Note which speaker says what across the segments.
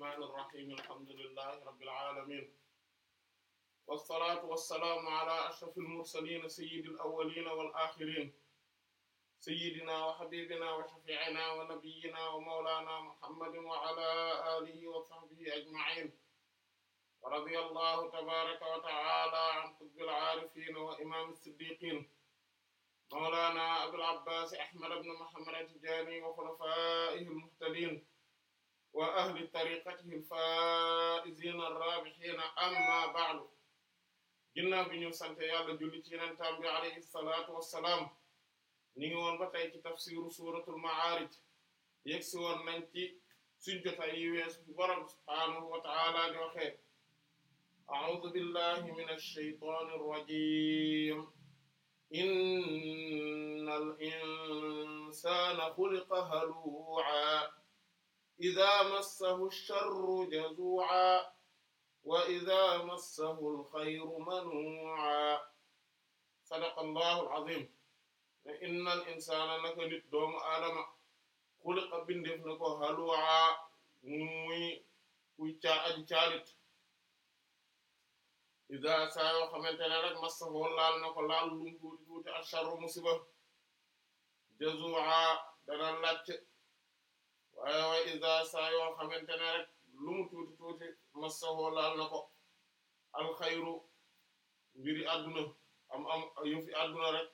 Speaker 1: rahmaani rahiim alhamdulillahi rabbil aalamiin wassalaatu wassalaamu ala ashrafil mursaliin sayyidil awwaliina wal aaxiriin sayyidinaa wa habiibinaa wa shafii'inaa wa nabiyyinaa wa mawlaanaa muhammadin wa ala aalihi wa sahbihi ajma'iin wa radiyallahu tabaaraka wa ta'aalaa an qutbil aarifiin wa imaamil siddiqiin mawlaanaa abil abbaas ahmad ibn muhammad at-tijaani wa xulafaa'ihi al-muhtadiin wa ahli tariqatihi al-faa'izina ar-raabihiina amma ba'du ginnaaw bi ñu sante yàlla julli ci yenentam bi alayhi salaatu wassalaam ñu ngi woon ba tey ci tafsiru suratul ma'aarij yegg si woon nañ ci suñ jotaay yi weesu bu borom subhaanahu wa ta'aala di waxee a'uudu billahi minash shaytaanir rajiim innal insaana xuliqa haluu'an idaa massahu sharru jazua wa idaa massahu alxayru manua sadaqa allahu alazim ne inna al insana naka nit doomu aadama xuliqa bindeef na ko halwa muy kuy caa aji caalit ida saa yoo xamante ne rek massahu laal na ko laal lum tuuti tuuti asharru musiba jazua dana lacce waaye wa iza saa yoo ne rek lu mu tuuti tuuti massahu laal na ko alxayru mbiri àdduna am am yu fi àdduna rek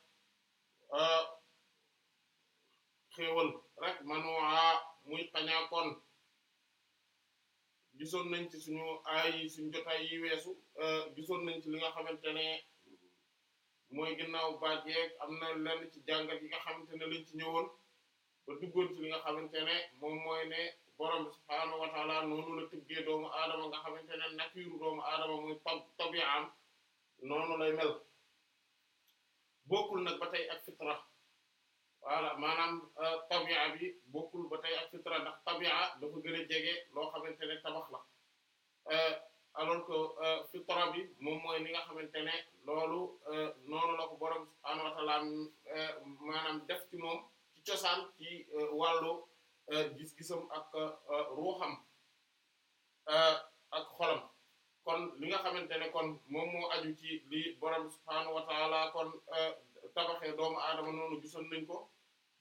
Speaker 1: xéewal rek manuwa muy xañaakoon gisoon nañ ci suñu ay suñu jotaay yi weesu gisoon nañ ci li nga xamante ne mooy ginnaaw baat yeeg am na lenn ci jàngat yi nga xamante ne lañ ci ñëwoon ba duggoon ci li nga xamante ne moom mooy ne borom subhaanahu wa taala noonu la tëggee doomu aadama nga xamante ne nature doomu aadama muy tab tabi'am noonu lay mel bokkul nag ba tey ak fitra voilà maanaam euh, tabi'a bi bokkul ba tey ak fitra ndax tabi'a dafa gën jege loo xamante ne tabax la euh, alors que euh, fitra bi moom mooy ni nga xamante ne loolu noonu la ko borom subhaanahu wa taala maanaam cosaan ci euh, wàllu euh, gis-gisam ak euh, ruuxam ak xolam kon li nga xamante ne kon moom moo aju ci li borom subhaanahu wa taala kon tabaxee doomu aadama noonu gisoon nañ ko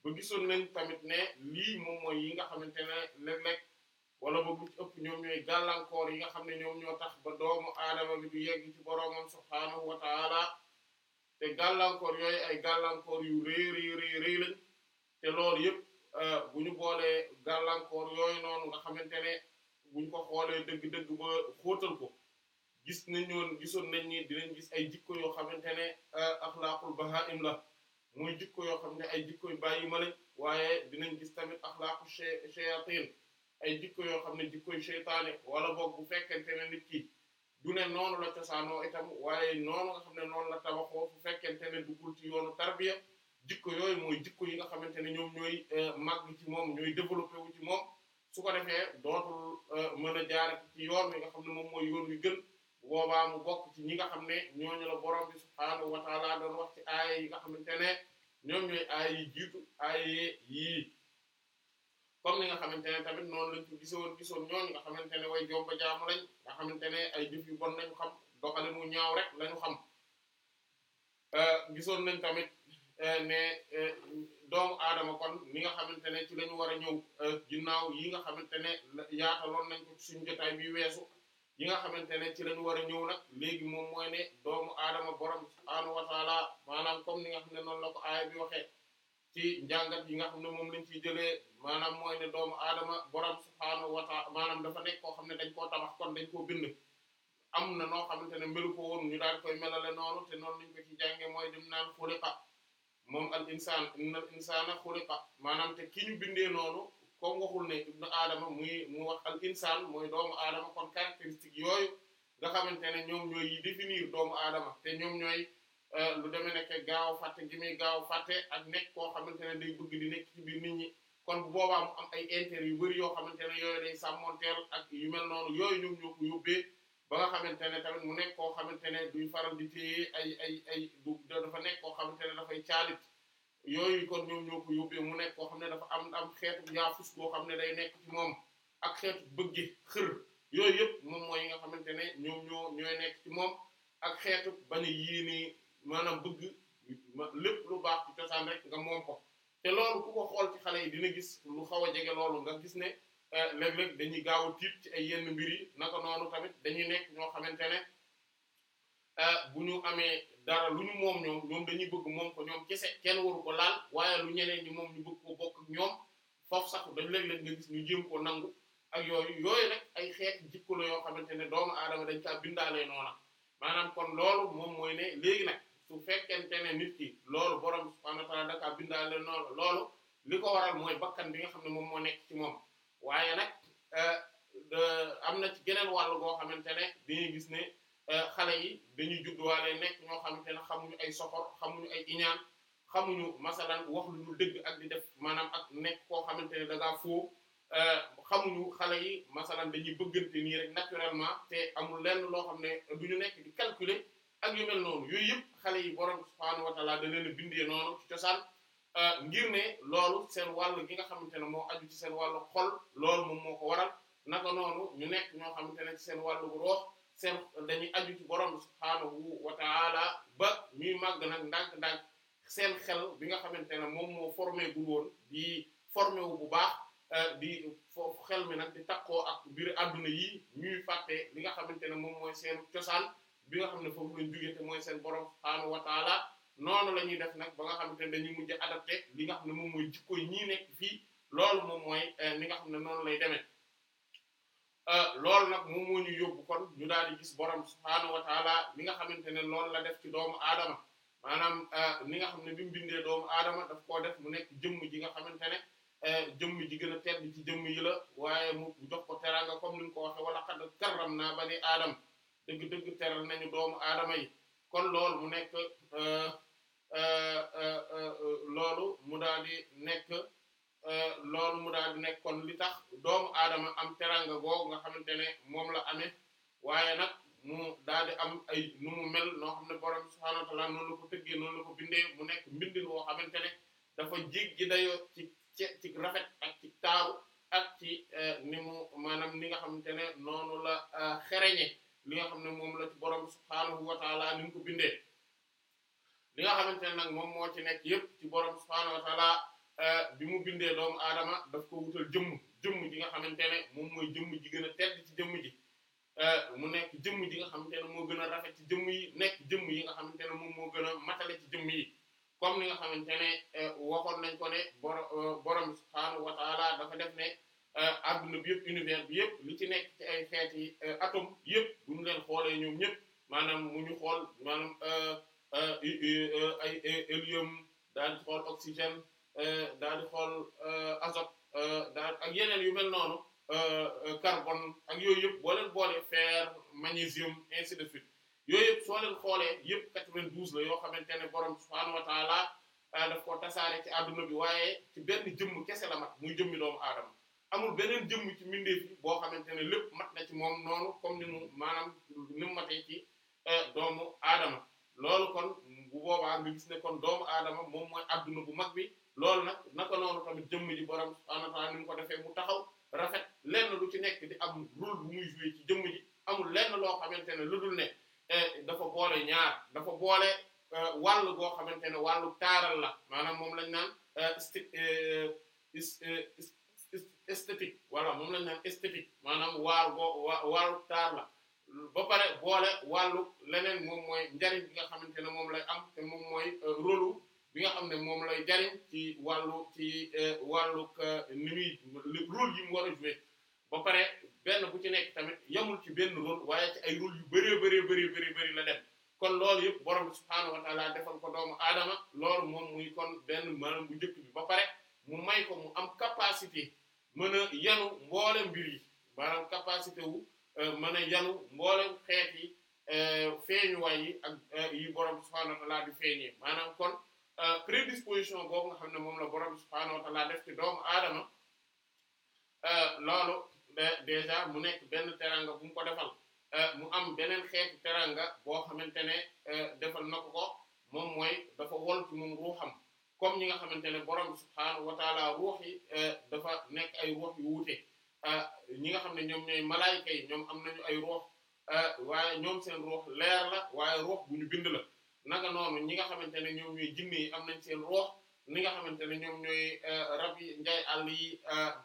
Speaker 1: ba gisoon nañ tamit ne lii moom mooy yi nga xamante ne léeg-léeg wala ba bu ci ëpp ñoom gàllankoor yi nga xam ne ñoom ñoo tax ba doomu aadama bi du yegg ci boroomam subhaanahu wa te gàllankoor yooyu ay gàllankoor yu rëy rëy rëy rëy te loolu yëpp euh, bu ñu boolee gàllankoor yooyu noonu nga xamante ne buñ ko xoolee dëgg-dëgg ba xóotal ko gis nañoon gisoon nañ ni dinañ gis ay jikko yoo xamante ne euh, axlaaqul bahaim la mu jikko yoo xam ne ay jikkoy bàyyi ma lañ waaye dinañ gis tamit axlaaqu shayatin ay jikko yoo xam ne jikkoy seytaane wala boog bu fekkente ne nit ki du ne noonu la cosaanoo itam waaye noonu nga xam ne noonu la tabaxoo bu fekkente ne duggul ci yoonu tarbiya jikko yooyu mooy jikko yi nga xamante ne ñoom ñooy euh, màgg ci moom ñooy développé wu ci moom su ko defee dootul euh, mën a jaar ci yoon wi nga xam ne moom mooy mu bokk ñi nga xam ne ñooñu la borom bi subhaanahu wa taala doon wax ci aaya yi nga xamante comme ni nga xamante ne tamit noonu lañ ko gisoon gisoon ñooñu nga xamante ne way jomba jaamu lañ nga xamante ay jëf yu bon lañu xam doxale mu ñaaw rek lañu xam euh, gisoon nañ tamit Eh, ne eh, doomu aadama kon ni nga xamante ne ci lañu ñu war a ñëw eh, ginnaaw yi nga xamante ne yaataloon nañ ko suñu jotaay bi weesu yi nga xamante ne ci lañu ñu war a ñëw nag léegi moom mooy ne doomu aadama borom subhaanahu wa taala maanaam comme ni nga xam ne noonu la ko aaya bi waxee ci njàngat yi nga xam ne moom lañ ciy jëlee maanaam mooy ne doomu aadama borom subhaanahu wa taala maanaam dafa nekk koo xam ne dañ koo tabax kon dañ koo bind am na noo xamante ne melu ko woon ñu daal koy melale noonu te noonu lañ ko ci jànge mooy dem naan xuliqa moom al insaan inna a insaana xuliqa maanaam te ki ñu bindee noonu comme waxul ne ibnu aadama muy mu wax al insaan mooy doomu aadama kon caractéristique yooyu nga xamante ne ñoom ñooy yi définir doomu aadama te ñoom ñooy euh, lu demee nekk gaaw fàtte gi muy gaaw fàtte ak nekk koo xamante ne day bëgg di nekk ci biir nit ñi kon bu am ay intérêt yu bari yoo xamante ne yooyu day sàmmonteel ak yu mel noonu yooyu ñoom ñoo ko ba nga xamante ne tamit mu nekk koo xamante ne duy faral di téye ay ay ay du dafa nekk koo xamante ne dafay caalit yooyu kon ñoom ñoo ko yóbbee mu nekk koo xam ne dafa am am xeetu yaafus boo xam ne day nekk ci moom ak xeetu bëgge xër yooyu nga xamante ne ñoom ñoo nekk moom ak xeetu bañ a yéene maanaam bëgg lépp lu baax ci cosaan rek nga moom ko te loolu ku ko xool ci xale yi dina gis lu xaw a jege loolu nga gis ne Euh, léeg-léeg dañuy gaaw a tiit ci ay yenn mbir yi naka noonu tamit dañuy nekk ñoo xamante ne euh, bu ñu amee dara lu ñu moom ñoom dañuy bëgg moom ko ñoom kese kenn waru ko laal waaye lu ñeneen ñi moom ñu bëgg ko bokk ak ñoom foofu sax dañ léeg-léeg nga gis ñu jéem ko nangu ak yooyu yooyu rek ay xeet jikko la xamante ne doomu aadama dañ caa bindaalee noona maanaam kon loolu moom mooy ne léegi nag su fekkente ne nit ki loolu borom subhanahu wa ta'ala da kaa bindaale noonu loolu li ko waral mooy bakkan bi nga xam ne moom moo nekk ci moom waaye nag euh, am na ci geneen wàll goo xamante ne dañuy gis ne euh, xale yi dañuy judduwaale nekk ñoo xamante ne xamuñu ay soxor xamuñu ay iñaan xamuñu masalan wax lu dul dëgg ak di def maanaam ak nekk koo xamante ne da ngaa foo euh, xamuñu xale yi masalan dañuy bëggante nii rek naturellement te amul lenn loo xam ne du ñu nekk di calculer ak yu mel noonu yooyu yëpp xale yi borom subhaanahu wa ta'aala da leen a bindee noonu ci cosaan Euh, ngir ne loolu seen wàll gi nga xamante ne moo aju ci seen wàllu xol loolu moom moo ko waral naka noonu ñu nekk ñoo xamante ne ci seen wàllu roox seen dañuy aju ci borom subhaanahu wa taala ba ñuy màgg nag ndànk-ndànk seen xel bi nga xamante ne moom moo formé gu woon di formé wu bu baax euh, di foofu xel mi nag di takkoo ak biir adduna yi ñuy fàtte li nga xamante ne moom mooy seen cosaan bi nga xam ne foofu lañ mooy seen borom noonu la ñuy def nag ba nga xamante ne dañuy mujj adapté li nga xam ne moom mooy jikko yi ñii nekk fii loolu moom mooy li euh, nga xam ne noonu lay demee euh, loolu nag moom ñu yóbbu kon ñu daal di gis borom subhaanahu wa taala nga xamante ne loolu la def ci doomu aadama maanaam li euh, nga xam ne bi mu bindee doomu aadama daf koo def mu nekk jëmm ji nga xamante ne jëmm ji gën a tedd ci jëmm yi la waaye mu jox ko teraanga comme ni nga ko waxee wala xad karram naa bani aadama dëgg-dëgg teral nañu doomu aadama yi kon loolu mu nekk euh, euh, euh, loolu mu daal di nekk loolu mu daal di nekk kon li tax doomu aadama am teranga googu nga xamante ne moom la amee waaye nag mu daal di am ay nu mu mel no xam ne borom subhaanahu wa noonu la ko tëggee noonu la ko bindee mu nekk mbindin woo xamante ne dafa jéggi dayo ci ci rafet ak ci taaru ak ci ni mu maanaam ni nga xamante ne noonu la xereñe li nga xam ne moom la ci borom subhaanahu wa taala ni mu ko bindee li nga xamante ne nag moom moo ci nekk yépp ci borom eh, bi mu bindee doomu aadama daf ko jëmm jëmm ji nga xamante ne moom mooy jëmm ji gën ci jëmm ji eh, mu nekk jëmm ji nga xamante moo gën a rafet ci jëmm yi nekk jëmm yi nga xamante ne moom moo gën a matale ci jëmm yi comme ni nga xamante ne eh, waxoon nañ ko ne borom subhaanahu wa dafa def ne adduna bi yëpp univers bi yëpp li ci nekk ci ay xeeti atome yëpp buñ leen xoolee ñoom ñëpp maanaam mu ñu xool maanaam euh, euh, euh, ay hélium daal di xool oxygène daal di xool azote daal ak yeneen yu mel noonu carbone ak yooyu yëpp boo leen boole fer magnésium ainsi de suite yooyu yëpp soo leen xoolee yëpp 92 la yoo xamante ne borom subhaanahu wa taala daf ko tasaare ci àdduna bi waaye ci benn jëmm kese la mat mu jëmmi doomu aadama amul beneen jëmm ci mbindeef bi boo xamante ne lépp mat na ci moom noonu comme ni mu maanaam ni mu matee ci euh, doomu aadama loolu kon bu boobaa nga gis ne kon doomu aadama moom mooy àdduna bu mag bi loolu nag naka loolu jëmm ji borom subhanahu wa ta'ala ko defee mu taxaw rafet lenn lu ci nekk di am rôle bu muy jëmm ji amul lenn loo xamante ne lu dul ne euh, dafa boole ñaar dafa boole euh, wàll goo xamante ne wàllu taaral la maanaam moom lañ naan esthétique voilà moom lañ naan esthétique maanaam waaru boo waaru taar la ba pare boole wàllu leneen moom mooy njariñ bi nga xamante ne moom lay am te moom mooy euh, rôlu bi nga xam ne moom lay jariñ ci wàllu ci euh, wàllu euh, ni muy rôle yi mu war a jouer ba pare benn bu ci nekk tamit yamul ci benn rôle waaye ci ay rôle yu bëree bëree bëri bëri bëri la dem kon loolu yëpp borom bi subhaanahu wa taala defal ko doomu aadama loolu moom muy kon benn maanaam bu njëkk bi ba pare mu may ko mu am capacité mën a yanu mboolem mbir yi maanaam capacité wu euh, mën a mboole xeet yi euh, feeñuwaay yi ak euh, yi borom subhaanahu wa ta'ala di feeñee maanaam kon prédisposition boobu nga xam ne moom la borom subhaanahu wa def ci doomu aadama loolu déjà mu ne benn teranga bu ko defal mu am beneen xeet teranga boo xamante ne defal na ko moom mooy dafa wol ci moom ruuxam. comme ñi nga xamante ne borom bi subhaanahu wa eh, dafa nekk ay ruux wuute eh, ñi nga xam ne ñoom ñooy malaayika yi ñoom am nañu ay ruux eh, waaye ñoom seen ruux leer la waaye ruux bu ñu bind la naka noonu ñi nga xamante ne ñoom ñooy jinne am nañ seen ruux ni nga xamante ne ñoom ñooy rab yi njay àll yi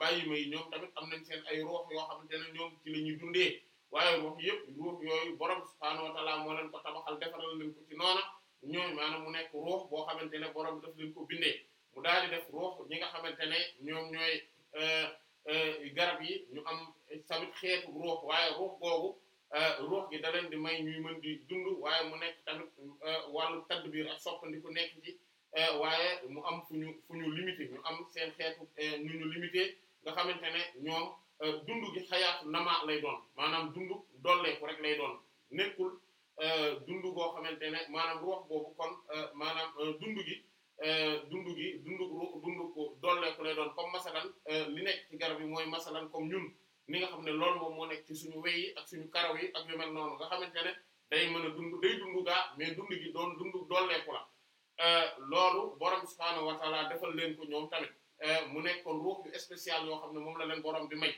Speaker 1: bàyyi ma yi ñoom tamit am nañ seen ay ruux yoo xamante ne ñoom ci la ñuy dundee waaye ruux yëpp ruux yooyu borom bi subhaanahu wa taala moo leen ko tabaxal defaral leen ko noona ñooñu maanaam mu nekk ruux boo xamante ne borom def leen ko bindee mu daal di def ruux ñi nga xamante ne ñoom ñooy euh, euh, garab yi ñu am tamit xeetu ruux waaye ruux googu euh, ruux gi da di may ñuy mën di dund waaye mu nekk tamit wàllu tadbir ak soppandiku nekk ci waaye mu am fu ñu fu ñu limité ñu am seen xeetu ñu ñu limité nga xamante ne ñoom dund gi xayaatu namaa lay doon maanaam dund dolleeku rek lay doon nekkul. Euh, dund goo xamante ne maanaam ruux boobu kon euh, maanaam euh, dundu gi dundu gi dund dund ko dolleeku lay doon comme masalan li nekk ci garab yi mooy masalan comme ñun ni nga xam ne loolu moom moo nekk ci suñu wey yi ak suñu karaw yi ak yu mel noonu nga xamante ne day mën a dundu day dund gaa mais dund gi doon dundu dool dolleeku la loolu borom subhaanahu wa defal leen ko ñoom tamit mu nekk kon ruux yu spécial yoo xam ne moom la leen borom bi may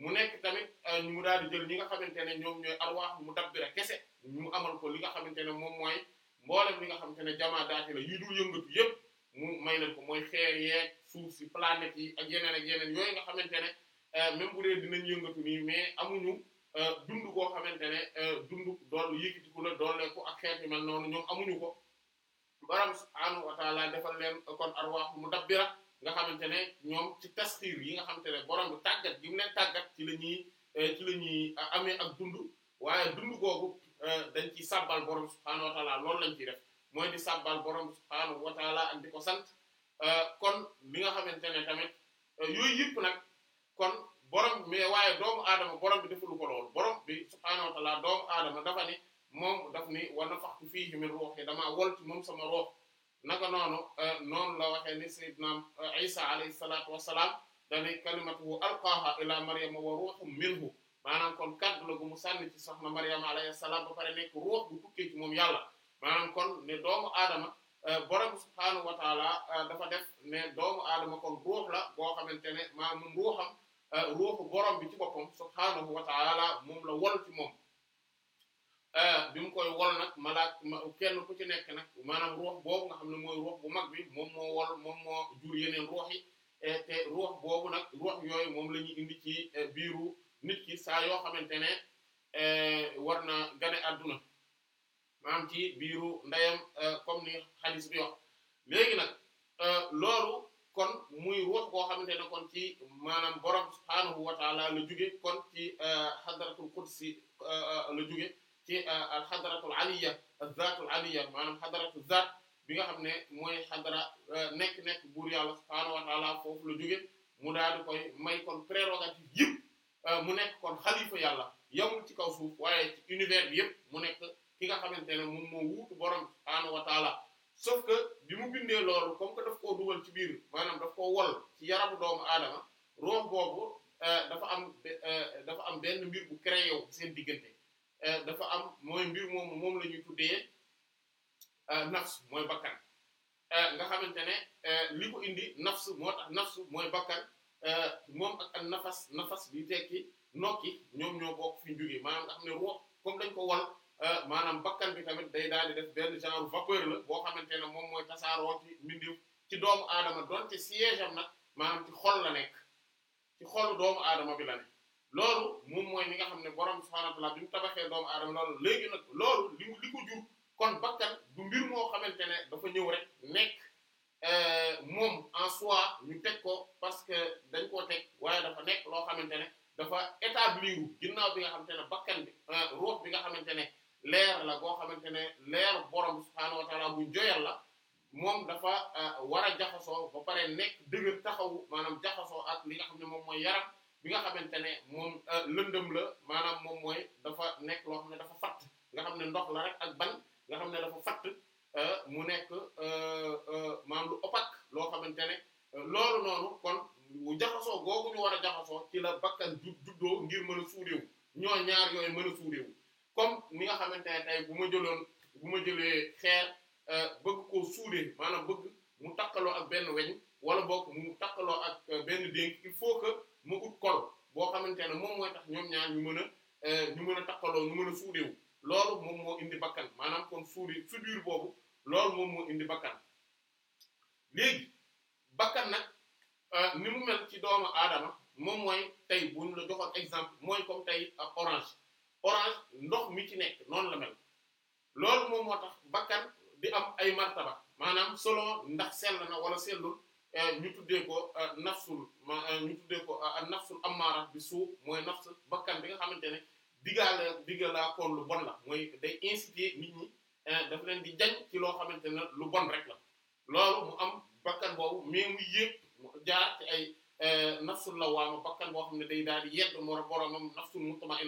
Speaker 1: mu nekk tamit mu daal di jël ñi nga xamante ne ñoom ñooy arwaax mu dabbira kese. mu amal ko li nga xamante ne moom mooy mboolem li nga xamante ne jamaa daati la yi dul yëngatu yëpp mu may leen ko mooy xeer yeeg suuf si planètes yi ak yeneen ak yeneen yooyu nga xamante ne euh, même bu dee dinañ yëngatu nii mais amuñu euh, dund koo xamante ne euh, dund dool yëkkatiku la dooleeku ak xeet yu mel noonu ñoom amuñu ko borom subhaanahu wa taala leen kon arwaax mu dabbira nga xamante ne ñoom ci tasxiir yi nga xamante ne borom bi tàggat gi mu tàggat ci la ñuy la ñuy amee ak dund waaye dund googu Euh, dañ ciy sabbal borom subhaanahu wa taala lañ ciy def mooy di sabbal borom subhaanahu wa taala ko sant euh, kon li nga xamante ne tamit euh, yooyu yëpp nag kon borom mais waaye doomu aadama borom bi defulu ko loolu borom bi subhaanahu wa taala doomu aadama dafa ni moom daf ni wa nafaxtu fiihi min ruuhi damaa wol ci sama ruux naka noonu noonu la waxee ni sayyidna Isa alayhi salaatu wassalaam dani kalimatuhu alqaaha ila maryama wa ruuhun minhu maanaam kon kaddu la gu mu sànni ci soxna Maryam alayhi salaam ba pare nekk ruux bu tukkee ci moom yàlla maanaam kon ne doomu aadama euh, borom subhaanahu wa euh, dafa def ne doomu aadama kon ruux la boo xamante ne maa moom ruuxam euh, ruuxu bi ci boppam subhaanahu moom la wol ci bi mu koy wol kenn ku ci nekk nag maanaam ruux boobu nga xam ne mooy ruux bu mag bi moom moo wol moom moo jur yeneen ruux te ruux boobu nag ruux yooyu moom lañu ñuy indi ci biiru nit ki saa yoo xamante ne eh, war na gane àdduna maam ci biiru ndeyam eh, comme ni xadis bi léegi nag eh, loolu kon muy ruux koo xamante ne kon ci maanaam borom subhaanahu wa taala la jóge kon ci xadratul qudsi la jóge ci al xadratul aliya al zaatul aliya maanaam xadratul zaat bi nga xam ne mooy xadara nekk nekk buur yàlla subhaanahu wa taala foofu la jóge mu daal di koy may kon prérogative yëpp Euh, mu nekk kon xalifa yàlla yamul ci kaw suuf waaye univers bi yëpp mu nekk ki nga xamante ne moom moo wuutu borom subhaanahu wa taala que bi mu bindee loolu comme que daf koo dugal ci biir maanaam daf koo wol ci yaramu doomu aadama ruux boobu euh, dafa am euh, dafa am benn mbir bu créé wu seen diggante dafa am mooy mbir moom moom la ñuy nafs mooy bakkan nga xamante ne li ko indi nafs moo nafs mooy bakkan Euh, moom ak ak nafas nafas bi tekki nokki ñoom ñoo bokk fi ñu jógee maanaam nga xam ne ruux comme dañ ko wal euh, maanaam bakkan bi tamit day daal di def benn genre vapeur la boo xamante ne moom mooy tasaaroo ci mbindeef ci doomu aadama doon ci siège nag maanaam ci xol la nekk ci xolu doomu aadama bi la nekk loolu moom mooy li nga xam ne borom subhaanahu wa bi mu tabaxee doomu aadama loolu léegi nag loolu li li jur kon bakkan du mbir moo xamante ne dafa ñëw rek nekk. Euh, moom en soi ñu teg ko parce que dañ koo teg waaye dafa nekk loo xamante ne dafa établir ginnaaw bi nga xamante ne bakkan bi euh, bi nga xamante ne leer la goo xamante ne leer borom subhaanahu wa bu joyal la moom dafa euh, war a jaxasoo ba pare nekk dëgër taxawu maanaam jaxasoo ak li nga xam ne moom mooy yaram bi nga xamante ne moom lëndëm la maanaam moom mooy dafa nekk loo xam ne dafa fatt nga xam ne ndox la rek ak ban nga xam ne dafa fatt mu nekk maanaam lu opaque loo xamante ne euh, loolu noonu kon jaxasoo googu ñu war a jaxasoo ci la bakkan ju juddoo ngir mën a suureewu ñoo ñaar yooyu mën a suureewu comme ni nga xamante ne tey bu ma jëloon bu ma jëlee xeer euh, bëgg ko suudee maanaam bëgg mu takkaloo ak benn weñ wala bokk mu takkaloo ak euh, benn dénk il faut que mu ut kol boo xamante moom mooy tax ñoom ñaar ñu mën boromam nafsul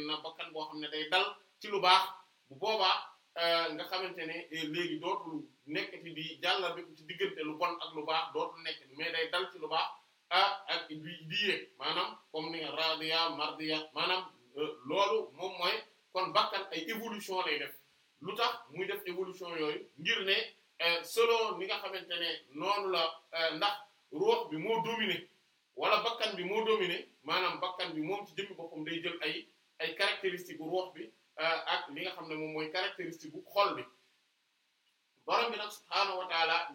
Speaker 1: na bakkan boo xam ne day dal ci lu baax bu boobaa euh, nga xamante ne eh, léegi dootul nekkati di jàllale ci diggante lu bon ak lu baax dootul nekkati mais day dal ci lu baax ah ak di di yeeg maanaam comme ni nga radiya mardiya maanaam euh, loolu moom mooy kon bakkan ay évolution lay def lu tax muy def évolution yooyu ngir ne euh, selon ni nga xamante ne noonu la ndax ruux bi moo dominé. wala bakkan bi moo dominé maanaam bakkan bi moom ci jëmmi boppam day jël ay ay caractéristiques bu ruux bi euh, ak li nga xam ne moom mooy caractéristique bu xool bi borom bi nag subhaanahu wa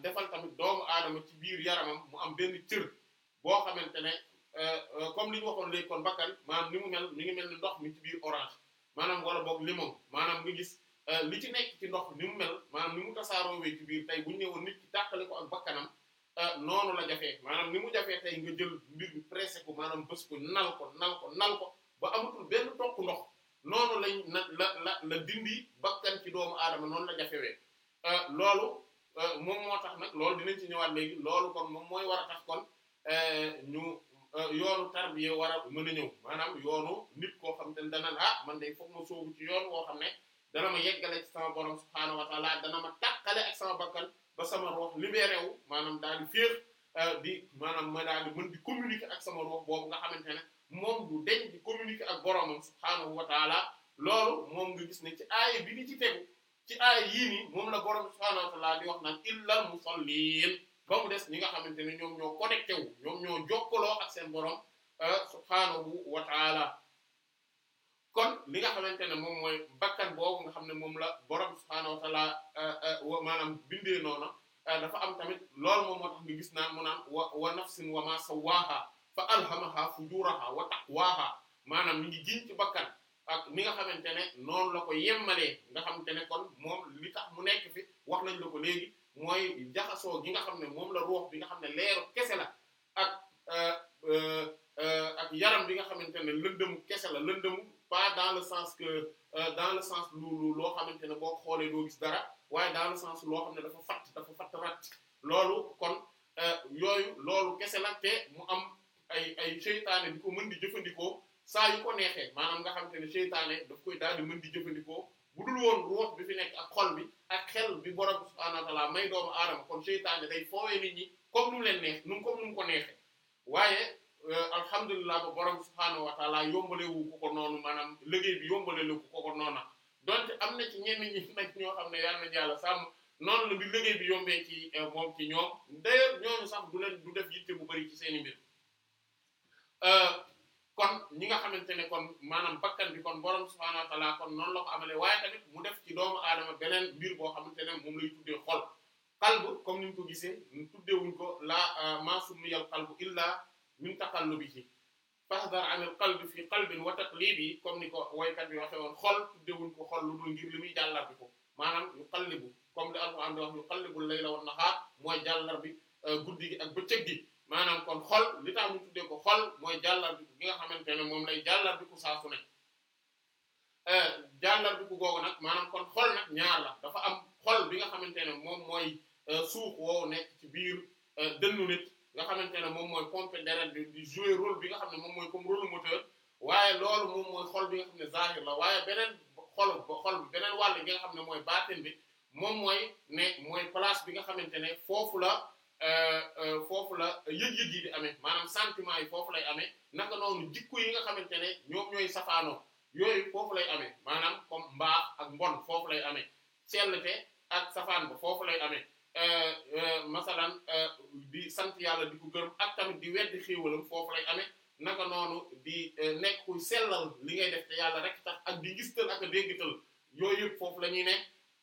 Speaker 1: defal tamit doomu aadama ci biir yaramam mu am benn cër boo xamante ne euh, euh, comme li ñu waxoon léegi kon bakkan maanaam ni mu mel mi ngi mel ni ndox mi ci biir orange maanaam wala boog limon maanaam nga gis li ci nekk ci ndox ni mu mel maanaam ni mu tasaaroowee ci biir tey bu ñu ne tàqale ko ak bakkanam noonu la jafee maanaam ni mu jafee tey nga jël mbir mi pressé ko maanaam bës ko nal ko nal ko nal ko ba amatul benn tokk ndox noonu lañ na la la la dindi bakkan ci doomu aadama noonu la jafewee euh, loolu euh, moom moo tax nag loolu dinañ ci ñëwaat léegi loolu kon moom mooy war a tax kon euh, ñu yoonu tarbiya war a mën a ñëw maanaam yoonu nit koo xam te ne dana ah man day foog ma soobu ci yoon woo xam ne dana ma yeggale ci sama borom subhaanahu dana ma takkale ak sama bakkan ba sama ruux libéré wu maanaam daal di féex euh, di maanaam ma daal di mën di communiquer ak sama ruux boobu nga xamante ne moom du deñ di communiquer ak boromam subhaanahu wa loolu moom nga gis ne ci aaya bi ni ci tegu ci aaya yii nii moom la borom subhaanahu wa taala di wax naan illal musalliin ba mu des ñi nga xamante ne ñoom ñoo connecté wu ñoom ñoo jokkaloo ak seen borom euh, subhaanahu wa kon li nga xamante ne moom mooy bakkan boobu nga xam ne moom la borom subhaanahu wa taala euh, euh, maanaam bindee noona euh, dafa am tamit loolu moom naa mu naan wa wa nafsin fa alhamaha fujuraha wa taqwaha maanaam mi ngi giñ bakkan ak mi nga xamante ne noonu la ko yemmalee nga xamante ne kon tax mu nekk fi wax nañ la ko léegi mooy jaxasoo gi nga xam ne moom la ruux bi nga xam ne leeru kese la ak ak yaram bi nga xamante ne lëndëmu kese la lëndëmu pas dans le sens que euh, dans le sens lu loo xamante ne boo xoolee doo gis dara waaye dans le sens loo xam ne dafa fatt dafa fatt rat loolu kon euh, yooyu loolu kese la te mu am ay ay seytaane di ko mën di jëfandikoo saa yu ko neexee maanaam nga xam xamante ne seytaane daf koy daal di mën di jëfandikoo bu dul woon ruux bi fi nekk ak xol bi ak xel bi borom subhaanahu wa ta'aala may doomu aadama kon seytaane day foowee nit ñi comme nu leen neex nu comme nu ko neexee Euh, alhamdulilah ba borom subhaanahu wa taala yombalewu ko ko noonu maanaam liggéey bi yombalewu ko ko noona donte am na ci ñenn ñi ñoo xam ne yàlla noonu la bi liggéey bi yombee ci euh, moom ci ñoom d'ailleurs ñooñu sax du euh, kon ñi nga xamante ne kon maanaam bakkan bi kon borom subhaanahu kon noonu la ko amalee waaye tamit mu def ci doomu aadama beneen mbir boo xamante ne moom lay tuddee xol qalbu comme ni ñu ko gisee tuddee wuñ ko la ma sumiyal qalbu illa bi min taqallubihi fahdar anil qalbi fi qalbin wa taqlibi comme ni ko woykat bi waxe woon xool tuddewuñ ko xool lu dul ngir li muy jàllar ko maanaam yu qallibu comme li alquran di wax yu qallibu layla wan nahaar bi euh, guddi gi ak bëccëg gi maanaam kon xol li tax ñu ko xol mooy jàllar bi gi nga xamante ne moom lay jàllar bi ku saa su ne euh, jàllar bi ku googu nag maanaam kon xol nag ñaar la dafa am xol bi nga xamante ne moom mooy euh, suuf woowu nekk ci biir dënnu nga xamante ne moom mooy pompe deret bi di jouer rôle bi nga xam ne moom mooy comme rôle moteur waaye loolu moom mooy xol bi nga xam ne zahir la waaye beneen xol xol bi beneen wàll bi nga xam ne mooy baatin bi moom mooy ne mooy place bi nga xamante ne foofu la euh, euh, foofu la yëg-yëg yi di amee maanaam sentiment yi foofu lay amee naka noonu jikko yi nga xamante ne ñoom ñooy safaanoo yooyu foofu lay amee maanaam comme mbaax ak mbon foofu lay amee sellte ak safaan ba foofu lay amee Euh, euh, masalan euh, di sant yàlla di ko gërëm ak tamit di weddi xéewalam foofu lay amee naka noonu di nekk kuy sellal li ngay def te yàlla rek tax ak di gistal ak a déggital yooyu yëpp foofu la ñuy ne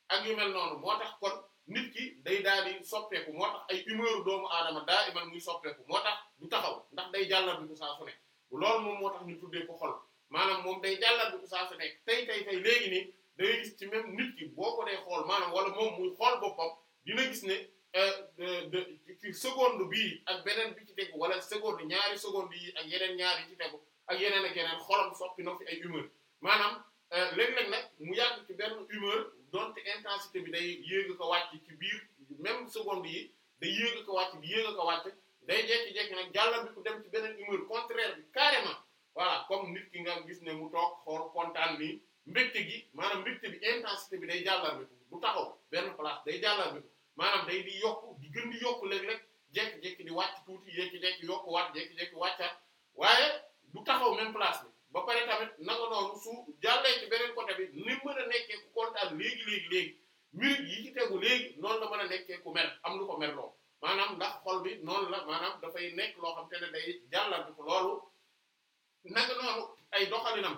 Speaker 1: ak yu mel noonu moo tax kon nit ki day daal di soppeeku moo tax ay humeur doomu aadama daa iman muy soppeeku moo tax du taxaw ndax day jàllar bi ko saa ne loolu moom moo tax ñu tuddee ko xol maanaam moom day jàllar bi ko ne tey tey tey léegi nii day gis ci même nit ki boo xool maanaam wala moom muy xool boppam dina gis ne euh, ci seconde bii ak beneen bi ci tegu wala seconde ñaari seconde yi ak yeneen ñaari yi ci tegu ak yeneen ak yeneen xolam soppi na fi ay humeur maanaam euh, léeg-léeg nag mu yàgg ci benn humeur donte intensité bi day yéeg ko wàcc ci biir même seconde yi day yéeg ko wàcc bi yéeg ko wàcc day jékki-jékki nag jàllal bi ku dem ci beneen humeur contraire bi carrément voilà comme nit ki nga gis ne mu toog xool kontaan nii mbégte gi maanaam mbégte bi intensité bi day jàllal bi taxaw benn place day jàllal bi maanaam day di yokku di gën di yokku léeg-léeg jékki-jékki di wàcc tuuti jékki-jékki yokku waat jékki-jékki wàccaat waaye du taxaw même place bi ba pare tamit nanga noonu su jàllee ci beneen côté bi ni mën a nekkee ku kontaan léegi léegi léegi minute yi ci tegu noonu la mën a nekkee ku mer am lu ko mer loo maanaam ndax xol bi noonu la maanaam dafay nekk loo xam te ne day ko loolu nanga noonu ay doxalinam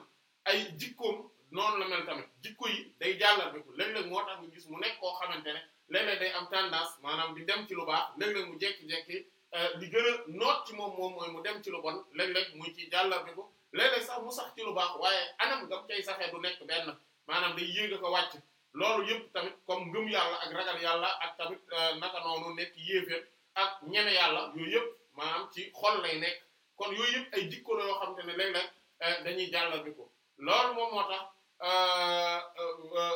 Speaker 1: ay jikkoom noonu la mel tamit jikko yi day jàllante ko léeg-léeg moo tax mu gis mu nekk koo xamante ne léeg-léeg day am tendance maanaam di dem ci lu baax léeg-léeg mu jekki-jekki euh, li gën a noot ci moom moom mooy mu dem ci lu bon léeg-léeg muy ci jàllar bi ko léeg sax mu sax ci lu baax waaye anam nga cay saxee du nekk benn maanaam day yéeg a ko wàcc loolu yëpp tamit comme ngëm yàlla ak ragal yàlla ak tamit euh, naka noonu nekk yéeféer ak ñeme yàlla yooyu yëpp maanaam ci xool lay nekk kon yooyu yëpp ay jikko la yoo xam ne léeg euh, dañuy jàllar bi ko loolu moom moo tax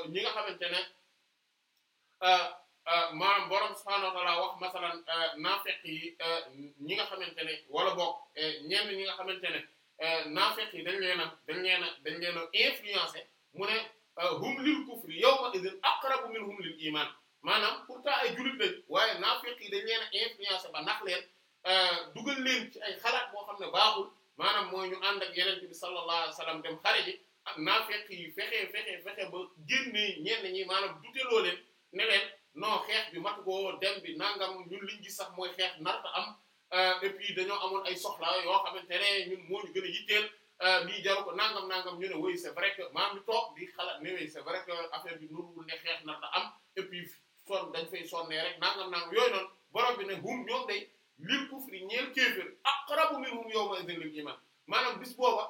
Speaker 1: ñi nga xamante ne Euh, maanaam borom subhaanahu wa ta'aala wax masalan euh, naafeq yi euh, ñi nga xamante ne wala boog ñenn ñi nga xamante ne naafeq yi dañ leen a dañ leen a dañ leen a influencé mu ne hum lil kufri yawma idhin aqrabu minhum lil iman maanaam pourtant ay jullit lañ waaye naafeq yi dañ leen a influencé ba nax leen dugal leen xalaat boo xam ne baaxul maanaam mooy ñu ànd ak yeneen bi sallallahu alayhi wa sallam dem xare ji ak yi fexe fexe fexe ba génnee ñenn ñi maanaam duteloo leen ne leen non xeex bi mat goo dem bi nangam ñun liñ gis sax mooy xeex narta am euh, et dañoo amoon ay soxla yoo xamante ne ñun moo ñu gën a yitteel euh, lii jaru ko nangam nangam ñu ne woy c'est vrai que maam bi toog di xalaat ne woy c'est vrai que affaire bi nuruwul ne xeex narta am et puis sonn dañ fay sonnee rek nangam nangam yooyu noon borom bi ne hum ñoom day lil kufri ñeel kéefër aqrabu minhum yawma idhin lil iman maanaam bis booba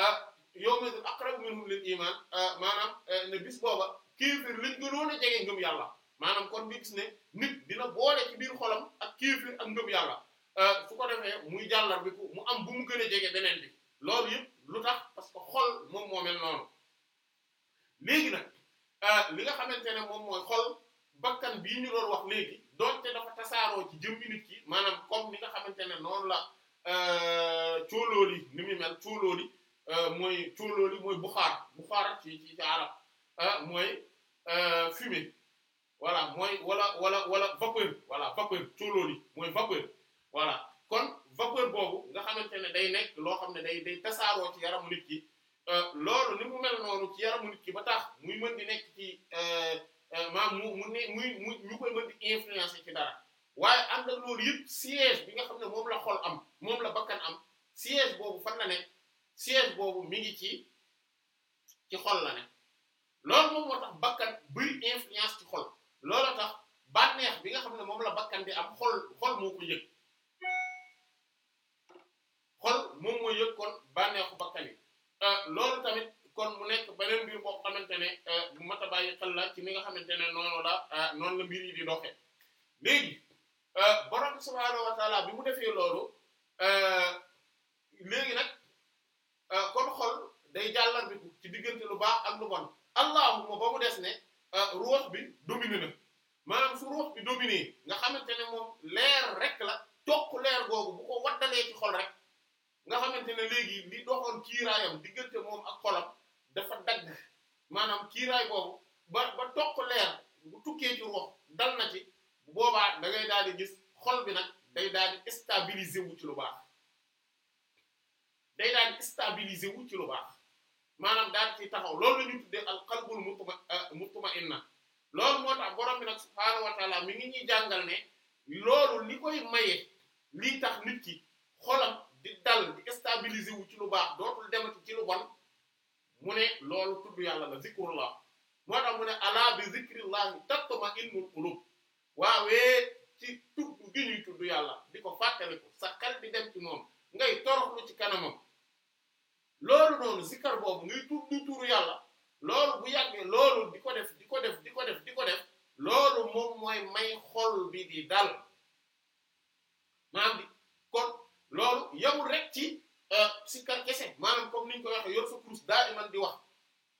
Speaker 1: euh, yawma idhin aqrabu minhum lil iman maanaam ne bis booba kéefër lañ gënoon a jege ngëm yàlla maanaam kon nga ne nit dina boole ci biir xolam ak kéefir ak ngëm yàlla euh, su ko defee muy jàllar bi ku mu am bu mu gën a jege beneen bi loolu yëpp lu tax parce que xol moom moom mel noonu léegi nag euh, li nga xamante ne moom mooy xol bakkan bii ñu doon wax léegi doonte dafa tasaaroo ci jëmmi nit ki maanaam comme ni nga xamante ne noonu la euh, coolooli ni muy mel coolooli mooy coolooli mooy buxaar buxaar ci ci ci mooy fumée voilà mooy wala wala wala vapeur voilà vapeur cóolóoli mooy vapeur voilà kon vapeur boobu nga xamante ne day nekk loo xam ne day day tasaaroo ci yaramu nit ki euh, loolu ni mu mel noonu ci yaramu nit ki ba tax muy mën di nekk ci euh, euh, maam mu mu ne muy mu ñu koy mën di ci dara waaye am ak loolu yëpp siège bi nga xam ne moom la xol am moom la bakkan am siège boobu fan la ne siège boobu mi ngi ci ci xol la nekk loolu moom moo tax bakkan bari influence ci xol. loolu tax bànneex bi nga xam ne moom la bakkan di am xol xol moo ko yëg xol moom mooy yëg kon bànneexu bakkan euh, loolu tamit kon mu nekk beneen mbir boo xamante ne euh, bu mat a bàyyi xel la ci ni nga xamante ne noonu la euh, noonu la mbir yi di doxe léegi borom subhaanahu wa bi mu defee loolu léegi nag kon xol day jàllarbiku ci diggante lu baax ak lu bon allahuma ba mu des ne Euh, ruux bi dominé na maanaam su ruux bi dominé nga xamante ne moom leer rek la tokk leer googu bu ko waddalee ci xol rek nga xamante ne léegi li doxoon kiiraayam diggante moom ak xolam dafa dagg maanaam kiiraay boobu ba ba tokk leer bu tukkee ci ruux dal na ci boobaa da daal di gis xol bi nag day daal di stabiliser wu ci lu baax day daal di stabiliser ci lu baax maanaam daal ciy taxaw loolu la ñuy tuddee al qalbul mutma euh, mutma'inna loolu moo tax borom bi nag subhaanahu wa mi ngi ñuy jàngal ne loolu li koy maye lii tax nit ki xolam di dal di stabiliser wu ci lu baax dootul demati ci lu bon mu ne loolu tudd yàlla la zikrullah moo tax mu ne ala bi zikrillahi tatma'innul qulub waawee ci tudd gi ñuy yàlla di ko fàttaliku sa xel di dem ci moom ngay toroxlu ci kanamam loolu noonu zikkar boobu ngay tuur di tuur yàlla loolu bu yàggee loolu di ko def di ko def di ko def di ko def loolu moom mooy may xol bi di dal maanaam bi kon loolu yamul rek ci sikkar euh, kese maanaam comme niñ koy waxee yor fa kurus daal di man di wax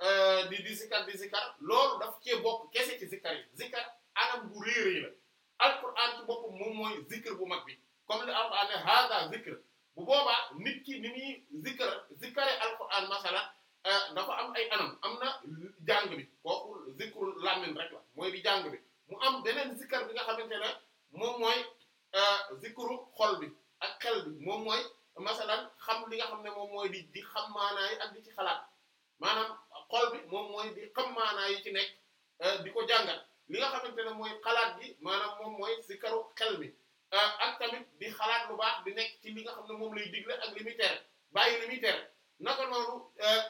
Speaker 1: euh, di di zikkar di zikkar loolu daf cee bokk kese ci zikkar yi zikkar anam bu réeréy la alquran ci boppam moom mooy zikr bu mag bi comme li alquran ne hada zikr bu boobaa nit ki ni muy zikar zikare alquran masala euh, dafa am ay anam am na jàng bi kooku zikru làmmiñ rek mooy di jàng bi mu am beneen zikar bi nga xamante ne moom mooy euh, zikru xol bi ak xel bi moom mooy masalan xam li nga xam ne moom mooy di di xam maanaa yi ak di ci xalaat maanaam xool bi moom mooy di xam maanaa yi ci nekk euh, di ko jàngat li nga xamante ne mooy xalaat bi maanaam moom mooy zikaru xel bi Euh, ak tamit di xalaat lu baax bi nekk ci li nga xam ne moom lay digle ak li muy bàyyi li muy tere naka noonu euh,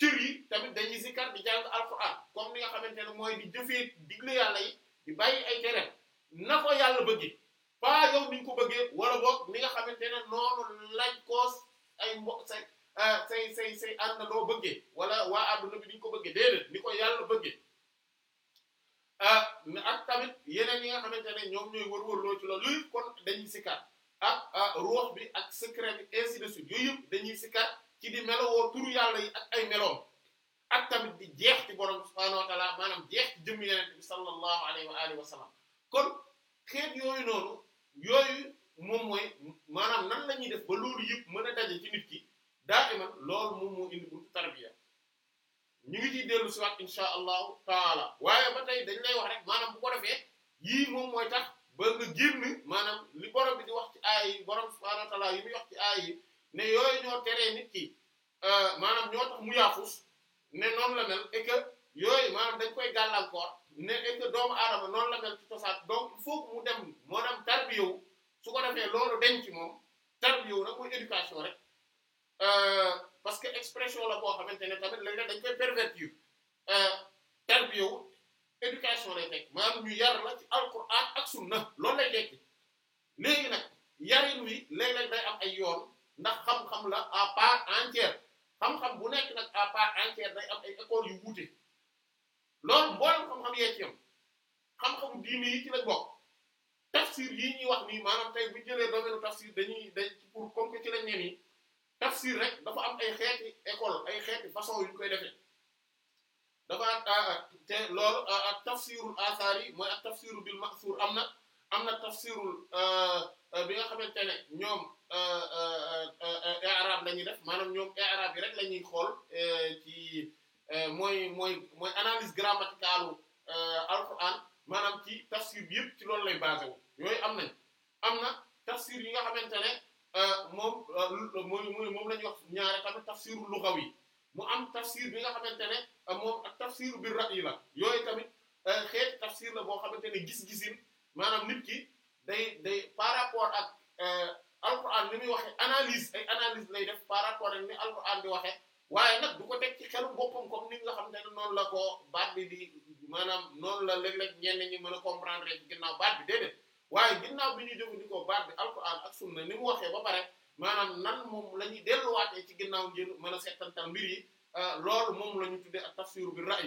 Speaker 1: cër yi tamit dañuy sikkar di jàng alquran comme ni nga xamante ne mooy di jëfee digle yàlla yi di bàyyi ay tere na ko yàlla bëggee pas yow ni ñu ko bëggee wala boog ni nga xamante ne noonu lañ koos ay mbokk say euh, say say say àndandoo bëggee wala waa àdduna bi ni ñu ko bëggee déedéet ni ko yàlla bëggee. Ah, ak tamit yeneen yi nga xamante ne ñoom ñooy wër-wërloo ci loolu yëpp kon dañuy sikar ak ah, ah, ruux bi ak secret bi ainsi de suite yëpp dañuy sikar ci di melowoo turu yàlla yi ak ay meloom ak tamit di jeex ci borom subhaanahu wa taala maanaam jeex ci jëmm yeneen bi sallallahu alayhi wa alihi kon xeet yooyu noonu yooyu moom mooy maanaam nan lañuy def ba loolu yëpp mën a daje ci nit ki daa iman loolu moom moo indi buntu tarbiya ñu ngi ciy dellu si waat insha allahu taala waaye ba tey dañ lay wax rek maanaam bu ko defee yii moom mooy tax ba nga génn maanaam li borom bi di wax ci aay yi borom subhaanahu wa taala yi muy wax ci aay yi ne yooyu ñoo teree nit ki euh, maanaam ñoo tax mu yaafus ne noonu la mel et que yooyu maanaam dañ koy gàllankoor ne et que doomu aadama noonu la mel ci tosaat donc il faut mu dem moo dem tarbiyaw su ko defee loolu denc moom tarbiyaw nag mooy éducation parce que expression la boo xamante ne tamit léeg-léeg dañ koy pervertir euh, tarbiya wu éducation lay tekk maanaam ñu yar la ci alquran ak sunna loolu lay tekki léegi nag yarin wi léeg-léeg day am ay yoon ndax xam-xam la à part entière xam-xam bu nekk nag à part entière day am ay écoles yu wuute loolu mboolem xam-xam yee ci yam xam-xamu diini yi ci la bokk tafsir yi ñuy wax ni maanaam tey bu jëlee domaine tafsir dañuy dañ pour comme ci lañ ne nii tafsir rek dafa am ay xeeti école ay xeeti façon yu ñu koy defee dafa ah, ah, te loolu ak ah, tafsirul athar yi mooy ak tafsiru bil ma'thur am na am na tafsirul bi nga xamante ne ñoom i'rab la ñuy def maanaam ñoom i'rab yi rek la ñuy xool eh, ci eh, mooy mooy mooy analyse grammaticalu eh, alquran maanaam ci tafsir yëpp ci loolu lay basé wu yooyu tafsir yi nga xamante ne Euh, moom euh, mooy moom la ñuy wax ñaare tamit tafsiru lugawi yi mu am tafsir bi nga xamante ne euh, moom ak tafsiru bi ra'yi la yooyu tamit xeet tafsir la boo xamante ne gis-gisin maanaam nit ki day day par rapport ak alquran ni muy waxee analyse ay analyse lay def par rapport ak ni alquran di waxee waaye nag du ko teg ci xelu boppam comme ni nga xamante ne noonu la ko baat bi di maanaam noonu la léeg-léeg ñenn ñi mën a comprendre rek ginnaaw baat bi déedéet. waaye ginnaaw bi ñu jëfandikoo baat bi alquran ak sunna ni mu waxee ba pare maanaam nan moom la ñuy delluwaatee ci ginnaaw njël man a settantal mbir yi euh, loolu moom la ñu tuddee ak tafsir bi ra'y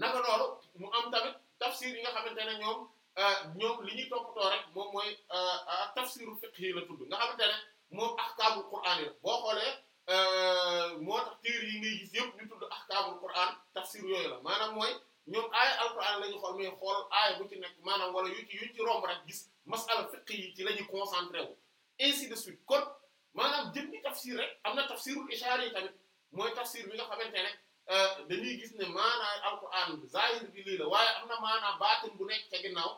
Speaker 1: naka loolu mu am tamit tafsir yi nga xamante ne ñoom euh, ñoom li ñuy toppatoo rek moom mooy euh, ak tafsiru fiqh yi la tudd nga xamante ne moom ahkaamul qur'aan yi la boo xoolee moo tax téere yi ngay gis yëpp ñu tudd ahkaamul qur'aan tafsir yooyu la maanaam mooy ñoom aaya alquran la ñu xool mais xool aaya bu ci nekk maanaam wala yu ci yu ci romb rek gis masala fiqh yi ci la ñuy concentré wu ainsi de suite kon maanaam jëmmi tafsir rek am na tafsirul ishaari mooy tafsir bi nga xamante ne euh, dañuy gis ne maanaam alquran zahir bi lii la waaye am na maanaam bu nekk ca ginnaaw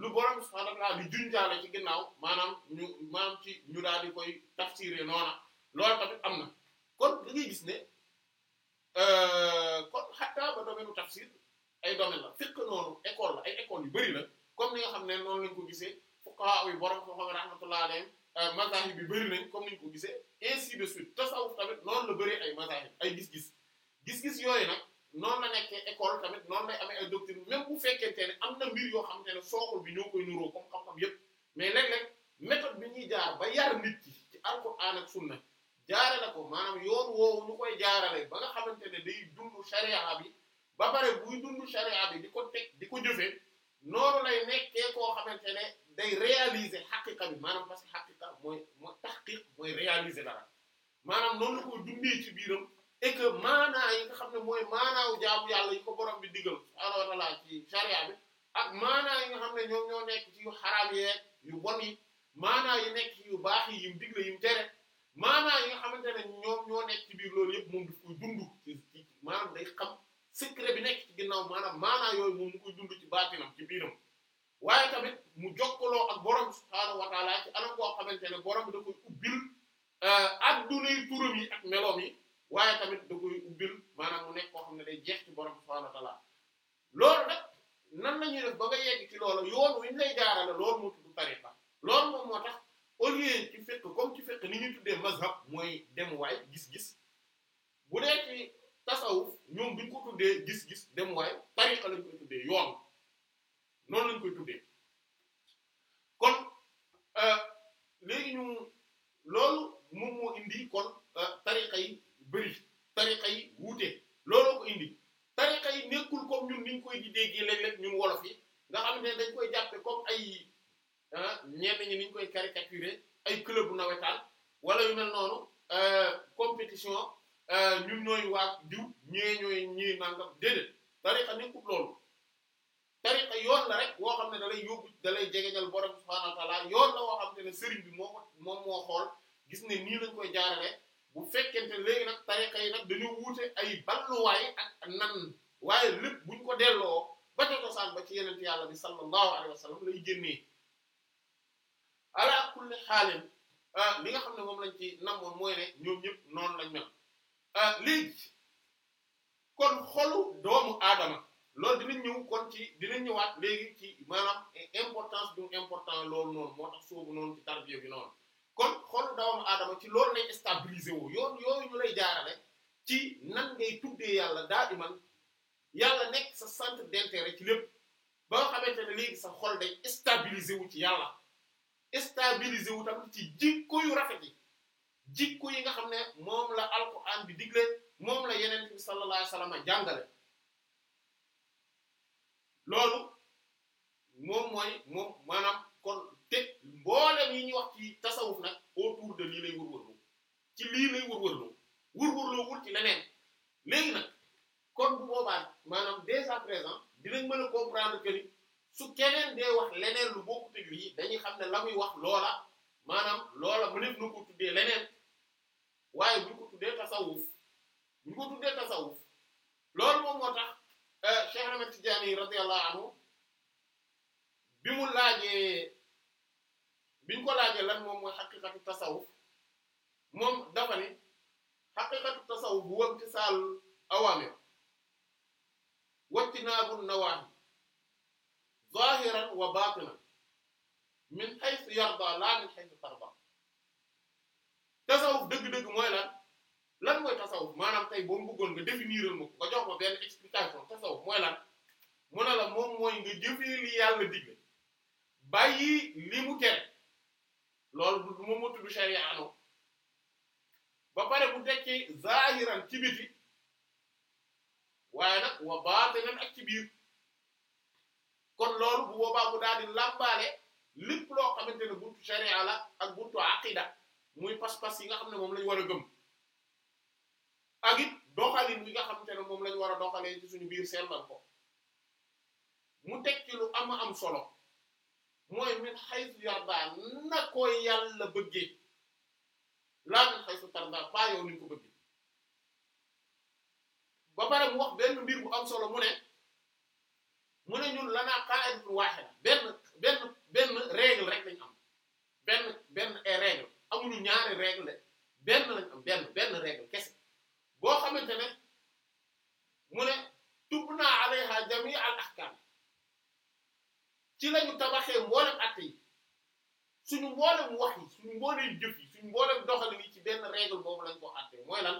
Speaker 1: lu borom subhaanahu wa ta'aala lu junjaale ci ginnaaw maanaam ñu maanaam ci ñu daal di koy tafsiré noona loolu tamit am na kon dañuy gis ne euh, kon xataa ba domaine tafsir ay domaine la fekk noonu école la ay école yu bëri la comme ni nga xam ne noonu lañ ko gisee fuqaha yi borom xam-xam rahmatullah alayhim euh, mazahib yi bëri nañ ko gisee ainsi de suite tasawuf tamit ay mazahib ay gis-gis gis-gis yooyu nag noonu la nekkee école tamit noonu lay amee ay doctrine même bu fekkente ne am na mbir yoo xamante ne soxla bi ñoo koy nuroo ko xam-xam yépp mais léeg-léeg méthode bi ñuy jaar ba yar nit ki ci alquran ak sunna jaare la ko maanaam yoon woowu ñu koy jaarale ba nga xamante ne day dund sharia bi ba pare buy dund sharia bi di ko teg di ko jëfee noonu lay nekkee koo xamante ne day réaliser xaqiqa bi maanaam parce que xaqiqa mooy mooy taxqiq mooy réaliser dara maanaam noonu la koy dundee ci biiram et que maanaa yi xam ne mooy maanaawu jaamu yàlla yi ko borom bi diggal subhaanahu wa ta'ala ci sharia bi ak maanaa yi nga xam ne ñoom ñoo nekk ci yu xaraam yi yu bon yi nekk yu baax yi yim digle yim tere
Speaker 2: maanaa yi nga
Speaker 1: xamante ne ñoom ñoo biir loolu yëpp moom daf dund maanaam day xam secret bi nekk ci ginnaaw maanaam maanaa yooyu moom mu koy dund ci baatinam ci biiram waaye tamit mu jokkaloo ak borom subhaanahu wa taala ci anam koo xamante ne borom da koy ubbil eh, addunay turam yi ak meloom yi waaye tamit da koy ubbil maanaam mu nekk koo xam ne day jeex ci borom subhaanahu wa taala loolu nag nan la ñuy def ba nga yegg ci loolu yoon wi ñu lay jaarale loolu moo tudd tariqa loolu moom moo tax au lieu ci fekk comme ci fekk ni ñu tuddee mazhab mooy dem gis-gis tasawuf ñoom duñ ko tuddee gis-gis dem waay tariqa lañ koy tuddee yoon noonu lañ koy tuddee kon euh, léegi ñu loolu moom moo indi kon euh, tariqa yi bëri tariqa yi wuute looloo ko indi tariqa yi nekkul comme ñun niñ koy di déggee léeg-léeg ñun wolof yi nga xam ne dañ koy jàppe comme ay ah ñenn ñi niñ koy caricaturer ay club nawetaan wala yu mel noonu compétition. Euh, ñun ñooy waat diw ñee ñooy ñii nangam déedéet tariqa nekkul loolu tariqa yoon la rek woo xam ne da lay yóbbu da jegeñal borom subhaanahu wa yoon la woo xam ne ne sëriñ bi moo ko moom moo xool gis ne nii lañ koy jaarale bu fekkente léegi nag tariqa yi nag dañoo wuute ay balluwaay ak nan waaye lépp buñ ko delloo ba ca cosaan ci yeneen yàlla bi sallallahu alayhi wa sallam lay génnee ala kulli xaalin euh, li nga xam ne moom lañ ci namoon mooy ne ñoom ñëpp noonu lañ mel. léegi kon xolu doomu aadama loolu dinañ ñëw kon ci dinañ ñëwaat léegi ci maanaam importance du important loolu noonu moo tax soobu noonu ci tarbiya bi noonu kon xolu doomu aadama ci loolu lay stabiliser wu yoon yooyu ñu lay jaarale ci nan ngay tuddee yàlla daa di man yàlla nekk sa centre d'intérêt ci lépp ba nga xamante ne léegi sa xol day stabiliser wu ci yàlla stabiliser wu tamit ci jikko yu rafet yi jikko yi nga xam ne moom la alquran bi digle moom la yeneen bi sallallahu alayhi wasallam jàngale loolu moom mooy moom maanaam kon te mboolem yi ñuy wax ci tasawuf nag autour de lii lay wërwërlu ci lii lay wërwërlu wërwërloo wul ci leneen léegi nag kon bu boobaa maanaam dès à présent dinañ mën a comprendre que ni su keneen dee wax leneen lu bokkut ak lii dañuy xam ne la muy wax loola maanaam loola mëneef na ko tuddee leneen waaye bu ñu ko tuddee tasawuf ñu ko tuddee tasawuf loolu moom moo tax eh, Cheikh Ahmed Tidiane radiyallahu anhu bi mu laajee bi ñu ko laajee lan moom mooy xaqiqatu tasawuf moom dafa ni xaqiqatu tasawuf bu wamtisaal awaamir wajtinaabu nawaahi zahiran wa batinan min haythu yarda la min haythu tarda tasawuf dëgg-dëgg mooy lan lan mooy tasawuf maanaam tey boo mu bëggoon nga définiral ma ko nga jox ma benn explication tasawuf mooy lan mu ne la moom mooy nga jëfee li yàlla digle bàyyi li mu tere loolu du ma ma tudd charia ano ba pare bu tekkee zahiran ci biti waaye nag wa baatinan ak ci biir kon loolu bu boobaa mu daal di làmbaale lépp loo xamante ne buntu charia la ak buntu aqida muy pas-pas yi nga xam ne moom lañu war a gëm ak it doxalin bi nga xamante ne moom lañu war a doxalee ci suñu biir sellal ko mu teg ci lu am am solo mooy min xaytu yarda na ko yàlla bëggee laa min xaytu tarda pas yow ni ko bëggee ba pare mu wax benn mbir bu am solo mu ne mu ne ñun lanaa qaa'idatun waahida benn benn benn règle rek lañu am benn benn amuñu ñaari règle benn lañ benn benn règle kese boo xamante ne mu ne tubna alayha jami al ahkam ci lañu tabaxee mboolem ati yi suñu mboolem wax yi suñu mboolem jëf suñu mboolem doxalin yi ci benn règle boobu lañ ko atte mooy lan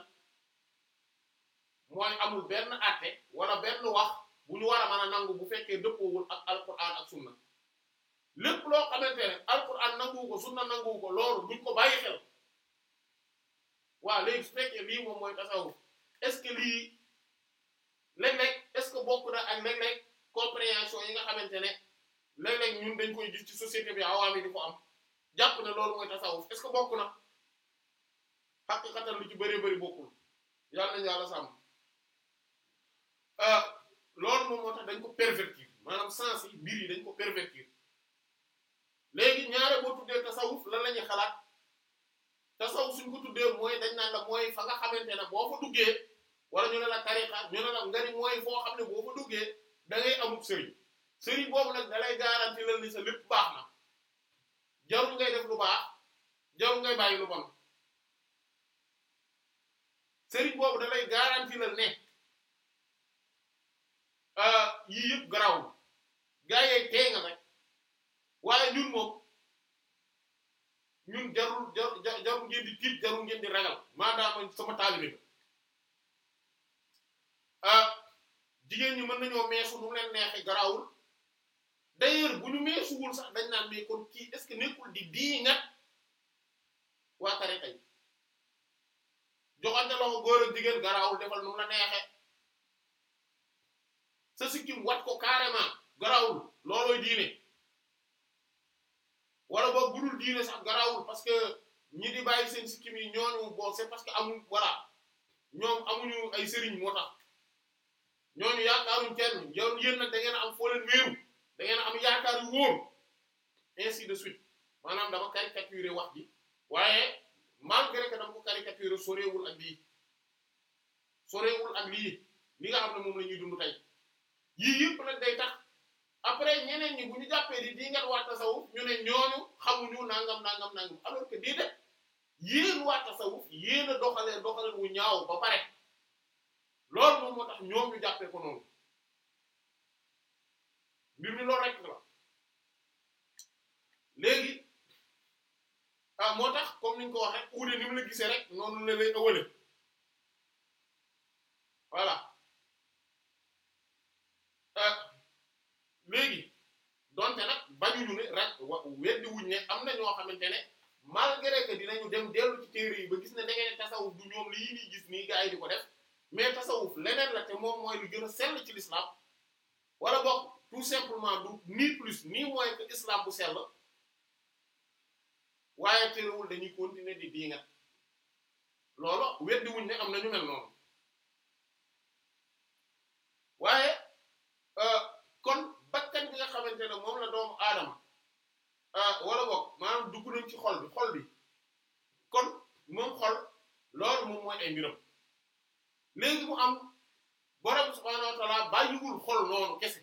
Speaker 1: mooy amul benn atte wala benn wax bu ñu war a a nangu bu fekkee dëppoowul ak alquran ak sunna lépp loo xamante ne alquran nanguwu ko sunna nanguwu ko loolu duñ ko bàyyi xel waaw léegi su fekkee lii moom mooy tasawuf est-ce que lii léeg-léeg est-ce que bokk na ak léeg-léeg compréhension yi nga xamante ne léeg-léeg ñun dañ koy gis ci société bi awaami di ko am jàpp ne loolu mooy tasawuf est-ce que bokk na xaqiqatan lu ci bëree bëri bokkul yàlla nañu yàlla sàmm euh, loolu moom moo tax dañ ko pervertir maanaam sens yi mbir yi dañ ko pervertir léegi ñaare boo tuddee tasawuf lan la ñuy xalaat tasawuf suñ ko tuddee mooy dañ naan la mooy fa nga xamante ne boo fa duggee wala ñu ne la tariqa ñu ne la nga ni mooy foo xam ne boo fa duggee da ngay amub sëriñ sëriñ boobu nag da lay garanti lan ni sa lépp baax na jarul ngay def lu baax jarul ngay bàyyi lu boobu da lay garanti lan ne euh, yii yëpp garaawul gaa tee nga rek waaye ñun moom ñun jarul jarul jarul ngeen di tiit jarul ngeen di ragal maanaam sama taalibe ah jigéen ñi mën nañoo meesu nu mu leen neexee garaawul d'ailleurs bu ñu meesuwul sax dañ naan mais kon kii est-ce que nekkul di dii ngat waa tariqa yi joxante loxo góor ak jigéen garaawul defal nu mu la neexee sa sikkim wat ko carrément garaawul loolooy diine. wala boog bu diine sax garaawul parce ñi di bàyyi seen sikkim yi ñooñu bon c'est parce que amul voilà ñoom amuñu ay sëriñ moo tax ñooñu yaakaaruñ kenn yow dangeen am foo leen wéeru da ngeen am yaakaar yu wóor ainsi de suite maanaam dama caricaturé wax bi waaye malgré que dama ko caricaturé soreewul ak lii soreewul ak lii li nga xam ne moom la ñuy dund tey yëpp nag day tax. après ñeneen ñi bu ñu jàppee di di ngeen waa tasawuf ñu ne ñooñu xamuñu nangam nangam nangam alors que déedéet yéen waa tasawuf yéen a doxalee doxaleen wu ñaaw ba pare loolu moom moo tax ñoom ñu jàppee ko noonu mbir mi loolu rek la léegi ah moo tax comme ni ñu ko waxee uude ni mu la gisee rek noonu la lay ëwale voilà. Euh, léegi donte nag bañuñu ne rak weddi wuñ ne am na ñoo xamante ne malgré que dinañu dem dellu ci téere yi ba gis ne da ngeen tasawuf du ñoom lii nii gis nii gaa yi di ko def mais tasawuf leneen la te moom mooy lu gën a sell ci l'islam wala boog tout simplement du ni plus ni mooy que islam bu sell waaye téerewul dañuy continuer di diingat loolu weddi wuñ ne am na ñu mel noonu waaye euh, kon bakkan bi nga xamante ne moom la doomu aadama ah, walla boog maanaam dugg nañ ci xol bi xol bi kon moom xol loolu moom mooy ay léegi mu am borom subhaanahu wa taala bàyyiwul xol noonu kese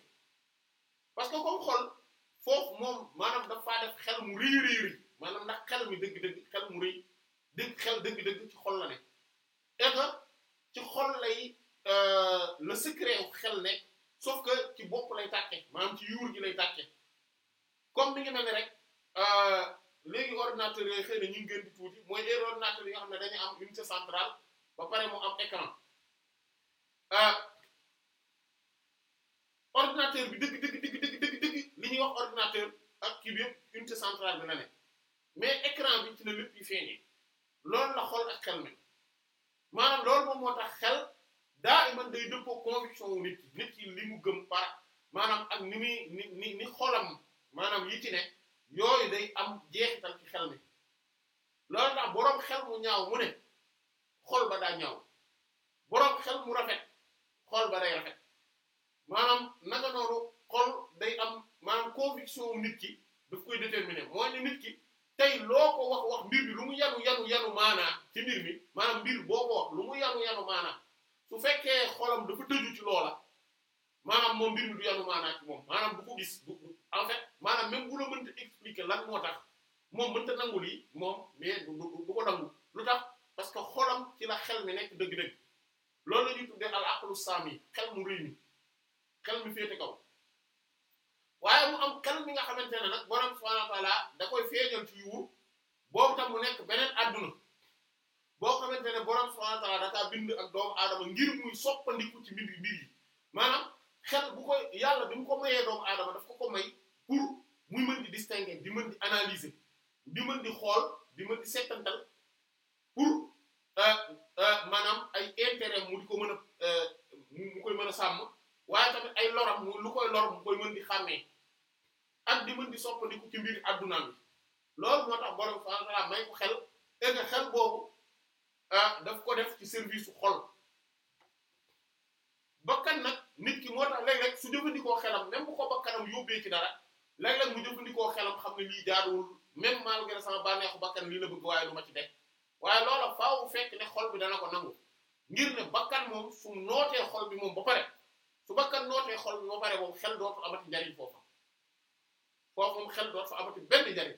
Speaker 1: parce que comme xol foofu moom maanaam dafa def xel mu rëy rëy rëy maanaam ndax xel mi dëgg-dëgg xel mu rëy dëgg xel dëgg-dëgg ci xol la ne et que ci xol lay euh, le secret xel nekk sauf que ci bopp lay tàkke maanaam ci yuur gi lay tàkke comme ni nga mel ni rek euh, léegi ordinateur yooyu xëy na ñu ngi gën di tuuti mooy les ordinateurs xam ne dañu am unité centrale ba pare mu am écran euh, ordinateur bi dëgg li ñuy wax ordinateur ak kii bi unité centrale bi la ne mais écran bi ci la lépp yi feeñee loolu la xool ak xel mi maanaam loolu moom moo tax xel. daa iman day dëppoo conviction wu nit ki nit ki li mu gëm par maanaam ak ni muy ni ni ni xolam maanaam yi ci ne yooyu day am jeexital ci xel mi loolu tax boroom xel mu ñaaw mu ne xol ba daa ñaaw boroom xel mu rafet xol ba day rafet maanaam naka noonu xol day am maanaam conviction wu nit ki daf koy déterminer mooy ne nit ki tey loo ko wax wax mbir bi lu mu yanu yanu yanu maanaa ci mbir mi maanaam mbir boo ko wax lu mu yanu yanu maanaa su fekkee xolam dafa tëju ci loola maanaam moom mbir mi du yanu moom maanaam bu ko gis bu en fait maanaam même bu la mënta expliquer lan moo tax moom mënta nangu lii moom mais du ko nangu lu tax parce que xolam ci la xel mi nekk dëgg-dëgg loolu la ñuy tuddee al aqlu saami xel mu rëy xel mi féete kaw waaye mu am xel mi nga xamante ne nag borom subhanahu wa ta'ala da koy feeñal ci yuur boobu tam mu nekk beneen adduna. boo xamante ne borom subhanahu wa ta'ala dafa bind ak doomu aadama ngir muy soppandiku ci mbir mbir yi maanaam xel bu ko yàlla bi mu ko mayee doomu adama daf ko ko may pour muy mën di distinguer di mën di analyser di mën di xool di mën di settantal pour euh, euh, maanaam ay intérêt mu di ko mën a euh, mu koy mën a sàmm waaye tamit ay loram mu lu koy lor mu koy mën di xàmmee ak di mën di soppandiku ci mbir addunaam bi loolu moo tax borom subhanahu wa may ko xel et xel boobu. Ah, daf ko def ci service su xol bakkan nag nit ki moo tax léeg-léeg su jëfandikoo xelam même bu ko bakkanam yóbbee ci dara léeg-léeg mu jëfandikoo xelam xam ne lii jaaduwul même malgré sama bànneexu bakkan lii la bëgg waaye du ma ci def waaye loola faaw fekk ne xol bi dana ko nangu ngir ne bakkan moom su nootee xol bi moom ba pare su bakkan nootee xol bi ba pare moom xel dootu amati njariñ foofa foofu moom xel dootu fa amati benn njariñ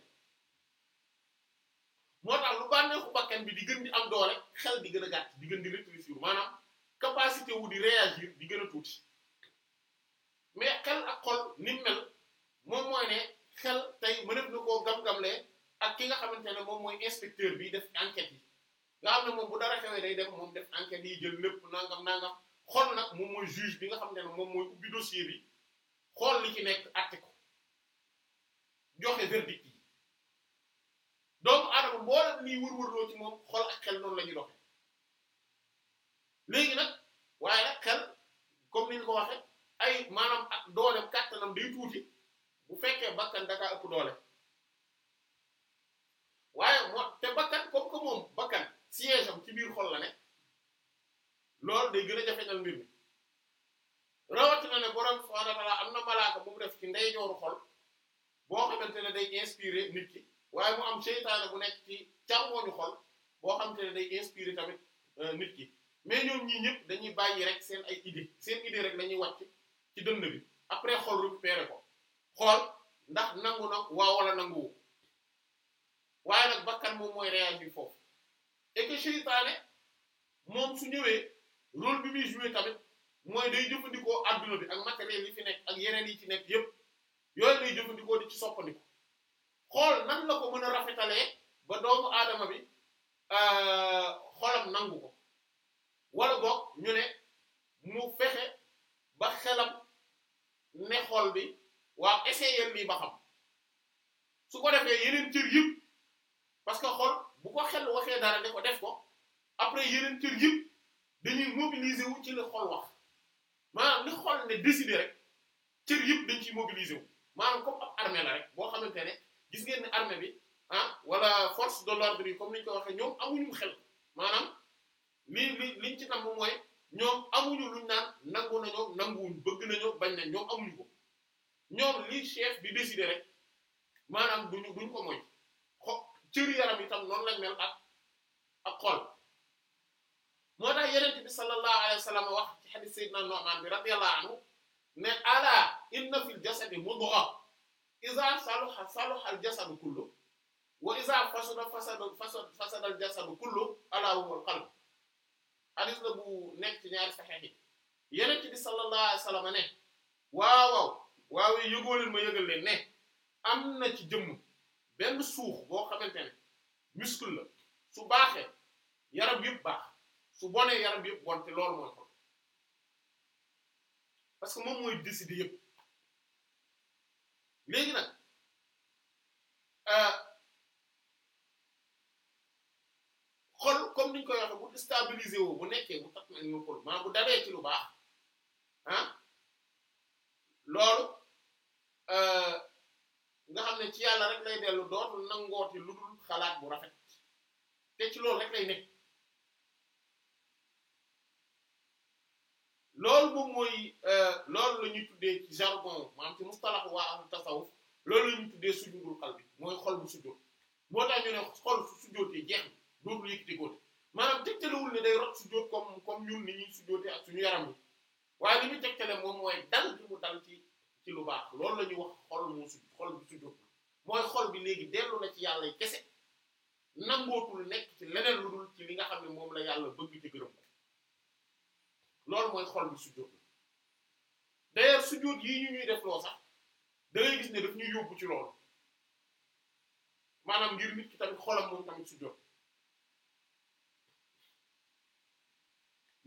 Speaker 1: moo tax lu bànneexu bakkan bi di gën di am doole xel di gën a gàtt di gën di rétrécir maanaam capacité wu di réagir di gën a tuuti mais xel ak xol ni mel moom mooy ne xel tey mëneb na koo gam-gamle ak ki nga xamante ne moom mooy inspecteur bi def enquête yi nga ne moom bu dara xewee day dem moom def enquête yi jël lépp nangam nangam xol nag moom mooy juge bi nga xamante ne moom mooy ubbi dossier bi xool li ci nekk àtte ko joxe verdict yi doomu aadama mboolem nii wër-wërloo ci moom xol ak xel noonu lañu ñuy doxee léegi nag waaye nag xel comme ni ñu ko waxee ay maanaam ak doole kàttanam day tuuti bu fekkee bakkan da kaa doole waaye moo te bakkan comme que moom bakkan siège ci biir xol la ne loolu day gën a jafeñal mbir mi na ne borom subhanahu wa ta'ala am na malaaka bu mu def ci ndeyjooru xol boo xamante ne day inspiré nit ki. waaye mu am seytaane bu nekk ci càmmooñu xol boo xam te ne day inspiré tamit euh, nit ki mais ñoom ñii ñëpp dañuy bàyyi rek seen ay idée seen idée rek lañuy wàcc ci dënd bi après xol récupéré ko xool ndax nangu na waaw wala nanguwu waaye nag bakkan moom mooy bi foofu et que moom su ñëwee rôle bi muy joué tamit mooy day jëfandikoo adduna bi ak matériel yi fi nekk ak yeneen yi ci nekk yépp yooyu lay jëfandikoo di ci soppandiku xool nan la ko mën a rafetalee ba doomu aadama bi euh, xolam nangu ko wala boog ñu ne mu fexe ba xelam ne xool bi waaw essayer lii ba xam su ko defee yeneen cër yëpp parce que xol bu ko xel waxee dara ne ko def ko après yeneen cër yëpp dañuy mobiliser wu ci li xol wax maanaam li xool ne décider rek cër yëpp dañ ciy mobiliser wu maanaam comme ab armée la rek boo xamante ne. gis ngeen ne armée bi ah wala force de l'ordre bi comme ni ko waxee ñoom amuñu xel maanaam li li liñ ci tam mooy ñoom amuñu luñ naan nangu nañoo nanguwuñ bëgg nañoo bañ nañ ñoom amuñu ko ñoom li chef bi décider rek maanaam duñu duñ ko moy xo cëri yaram itam noonu lañ mel ak ak xool moo tax yeneen bi sallallahu alayhi wa sallam wax ci hadith sayyidina Nu'man bi radiyallahu anhu ne ala inna fil jasadi mudghah iza saluha saluha al jasadu kullu wa iza fasada fasada fasada al jasadu kullu ala huwa al qalb hadis la bu nekk ñaar ñaari saxeex yi yeneen bi sallallahu alayhi wa ne waaw waaw waaw ma yëgal leen ne am na ci jëmm benn suux boo xamante ne muscle la su baaxee yaram yëpp su bonee yaram yëpp bon te loolu mooy xol parce que moom mooy décider léegi nag euh, xol comme niñ ko waxee bu stabilisé woo bu nekkee bu tax nañ xol maa bu dalee ci lu baax ah loolu euh, nga xam ne ci yàlla rek lay dellu dootul nangooti lu dul xalaat bu rafet te ci loolu rek lay nekk. loolu moom mooy euh, loolu la ñuy tuddee ci jargon maanaam ci mustalax waa am tasawuf loolu la ñuy tuddee sujudul qalbi mooy xol bu sujud moo tax ne xol su sujudee jeex dootul yëkkati góote maanaam tegtalewul ne day rot sujud comme comme ñun ni ñuy ak suñu yaram yi waaye li ñu tegtale moom mooy dal mu dal ci ci lu baax loolu la ñuy wax xol mu sujud xol bu mooy xol bi léegi dellu na ci yàlla yi kese nangootul nekk ci leneen lu dul ci li nga xam ne moom la yàlla bëgg ci gërëm. loolu mooy xol bi sujjóot la d'ailleurs sujjóot yii ñu ñuy def loo sax da ngay gis ne daf ñuy yóbbu ci loolu maanaam ngir nit ki tamit xolam moom tamit sujjóot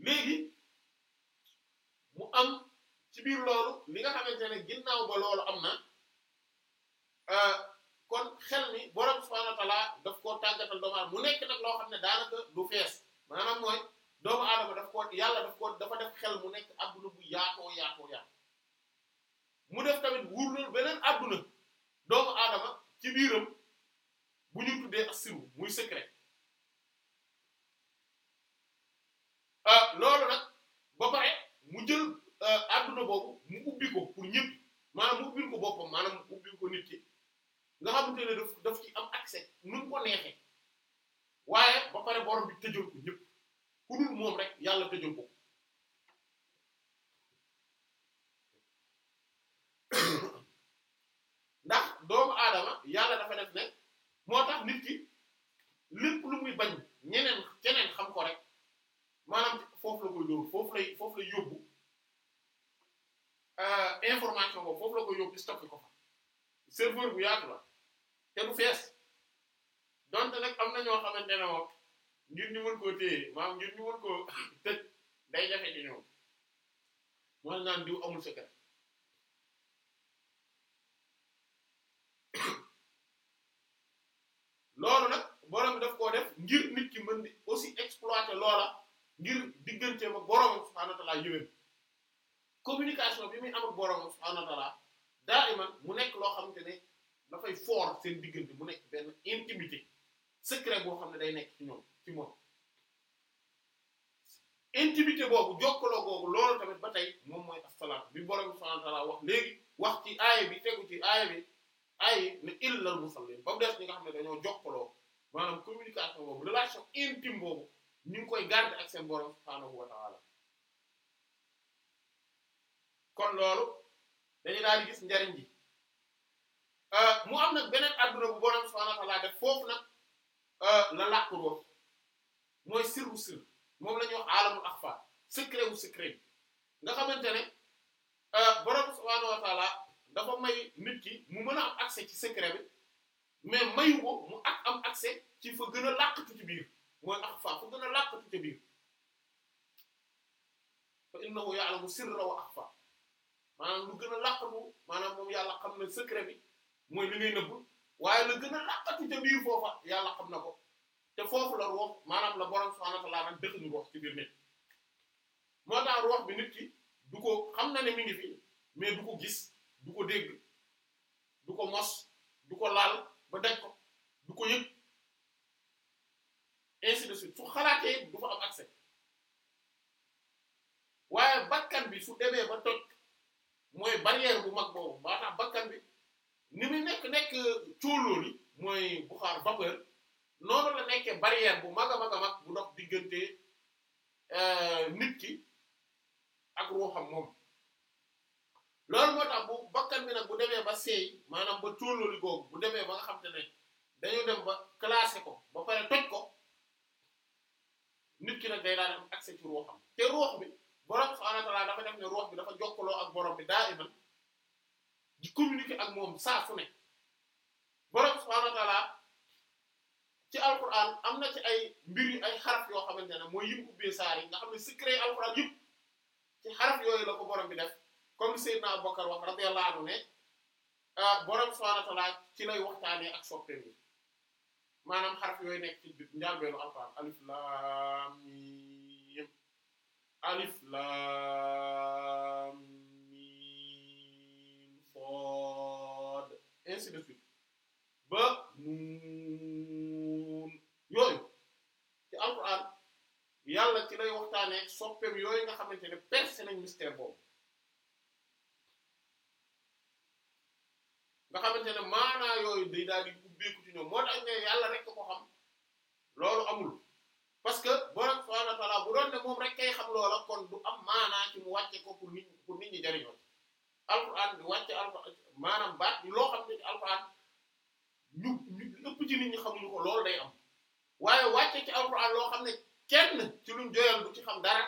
Speaker 1: léegi mu am ci biir loolu li nga xamante ne ginnaaw ba loolu am na euh, kon xel mi boo subhanahu wa ta'ala daf koo tàggatal doomaar mu nekk nag loo xam ne daanaka du fees maanaam mooy doomu aadama daf ko yàlla daf ko dafa def xel mu nekk adduna bu yaatoo yaatoo yaatoo mu def tamit wurlool beneen adduna doomu aadama ci biiram bu ñu tuddee asiru muy secret euh, loolu nag ba pare mu jël euh, adduna boobu mu ubbi ko pour ñëpp maanaam mu ubbil ko boppam maanaam mu ubbil ko nit ki nga xamante ne daf daf ci am accès nu ko neexee waaye ba pare borom bi tëjal ñëpp ku dul moom rek yàlla tëjal ko ndax doomu aadama yàlla dafa def ne moo tax nit ki lépp lu muy bañ ñeneen keneen xam ko rek maanaam foofu la koy dóor foofu lay foofu lay yóbbu euh, information boobu foofu la koy yóbbu stocké ko fa serveur bu yaatu la te du fees donte nag am na ñoo xamante ne ngir ñu mën koo téye maanaam ngir ñu mën koo tëj day jafe ci ñoom mooy naan diw amul secret loolu nag borom daf koo def ngir nit ki mën di aussi exploiter loola ngir diggante ma borom subhaanahu wa ta'aala yéwén communication bi muy am ak borom subhaanahu wa mu nekk loo xamante ne dafay fort seen diggante mu nekk benn intimité secret boo xam ne day nekk ci ñoom. ci moom intimité boobu jokkaloo boobu loolu tamit ba tey moom mooy as-salaat bi borom subhaanahu wax léegi wax ci aaya bi tegu ci aaya bi aaya ne illal musallin ba mu des ñi nga xam ne dañoo jokkaloo maanaam communication boobu relation intime boobu ñu ngi koy garder ak seen borom subhaanahu kon loolu dañu daal gis njariñ ji euh, mu am nag beneen adduna bu borom subhaanahu def foofu nag euh, la làqu mooy sirru sirr moom la ñuy wax alamul axfa secret wu secret bi nga xamante ne euh, borom subhaanahu wa taala dafa may nit ki mu mën a am accès ci secret bi mais mayu ko mu ak am accès ci foo gën a làqatu ci biir mooy axfa fa gën a làqatu ci biir fa innahu ya'lamu sirra wa axfa gën a làqatu maanaam moom yàlla xam na secret bi mooy li ngay nëbb waaye a làqatu ca biir foofa yàlla xam na ko te foofu la ruux maanaam la borom subhaanahu wa ta'aala dëkk ñu ruux ci biir nit moo tax ruux bi nit ki du ko xam na ne mi ngi fi mais du ko gis du ko dégg du ko mos du ko laal ba daj ko du ko yëg ainsi de suite su xalaatee du fa am accès waaye bakkan bi su demee ba toj mooy barrière bu mag boobu moo bakkan bi ni mu nekk nekk cóolóoli mooy buxaar vapeur. noonu la nekkee barrière bu mag a mag a bu dox diggante euh, nit ki ak ruuxam moom loolu moo tax bu bakkan bi nag bu demee ba seey maanaam ba tóllali googu bu demee ba nga xam te ne dañu dem ba classé ko ba pare toj ko nit ki nag day daal di am accès ruuxam te ruux bi borom subhanahu wa ta'ala dafa dem ne ruux bi dafa jokkaloo ak borom bi daa iman di communiquer ak moom saa ne borom subhanahu wa ta'ala ci alquran am na ci ay mbir ay xaraf yoo xamante ne mooy yim ubbee saar yi nga xam ne secret alquran ci xaraf yooyu la borom bi def comme Seydina Abubakar wax radiyallahu anhu ne ah, borom subhanahu wa ci lay waxtaanee ak soppeem yi maanaam xaraf yooyu nekk ci njàlbeelu alquran alif lam mim alif lam de suite ba nun yooyu ci alquran yàlla ci lay waxtaanee soppeem yooyu nga xamante ne percé nañ mystère boobu nga xamante ne maanaa yooyu day daal di ubbeeku ci ñoom moo tax ne yàlla rek ko xam loolu amul parce que borom subhanahu wa bu doon ne moom rek kay xam loola kon du am maanaa ci mu wàcce ko pour nit pour nit ñi jariñoo alquran di wàcce alquran maanaam baat bi loo xam ne ci ñu ñu ëpp waaye wàcce ci alquran loo xam ne kenn ci luñ joyal bu ci xam dara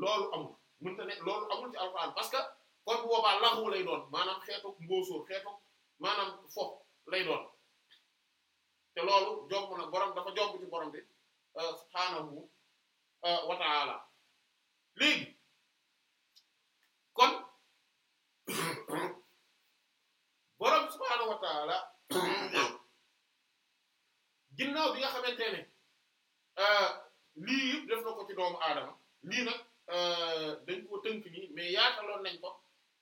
Speaker 1: loolu amul mënta ne loolu amul ci alquran parce que kon boobaa laxu lay doon maanaam xeetu mbóosóor xeetu maanaam fof lay doon te loolu jomb nag borom dafa jomb ci borom bi euh, subhaanahu euh, wa ta'ala léegi kon borom subhaanahu wa ta'ala ginnaaw bi nga xamante ne euh, lii yëpp def na ko ci doomu aadama lii na euh, dañ ko tënk nii mais yaataloon nañ ko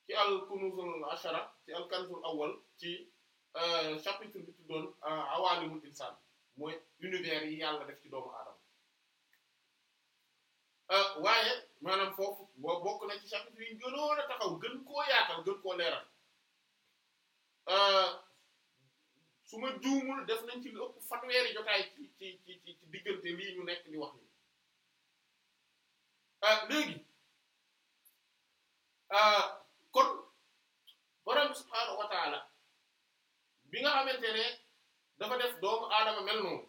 Speaker 1: ci al kunuzul ashara ci al kanzul awwal ci euh, chapitre bi tuddoon awaalimul insaan mooy univers yi yàlla def ci doomu aadama waaye maanaam foofu boo bokk na ci chapitre yi gënoon a taxaw gën koo yaatal gën koo leeral su ma juumul def nañ ci lu ëpp fanweeri jotaay ci ci ci diggante lii ñu nekk di wax euh, léegi euh, kon borom subhaanahu wa bi nga xamante ne dafa def doomu aadama mel noonu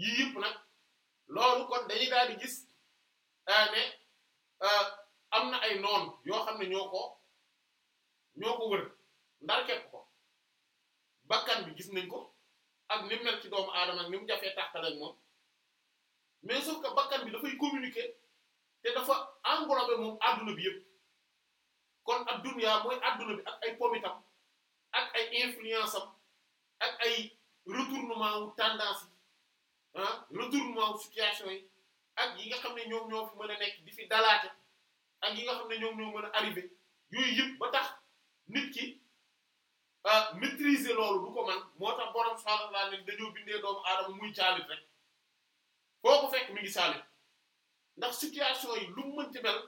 Speaker 1: yii yëpp nag loolu kon dañuy daal di gis euh, ne am na ay noon yoo xam ne ñoo ko ñoo ko wër ndarket ko bakkan bi gis nañ ko ak ni mu mel ci doomu aadama ak ni mu jafee tàqale moom mais sauf que bakkan bi dafay communiquer te dafa englober moom adduna bi yëpp kon ak dunya mooy adduna bi ak ay pomitam ak ay influence am ak ay retournement wu tendance yi ah retournement situation yi ak yi nga xam ne ñoom ñoo fi mën a nekk di fi dalaate ak yi nga xam ne ñoom ñoo mën a arrivé yooyu yëpp ba tax nit ki Ah, maîtriser loolu du ko man moo tax borom subhaanahu wa ta'aala dañoo bindee doomu aadama muy caalit rek foo ko fekk mu ngi caalit ndax situation yi lu mu mën ci mel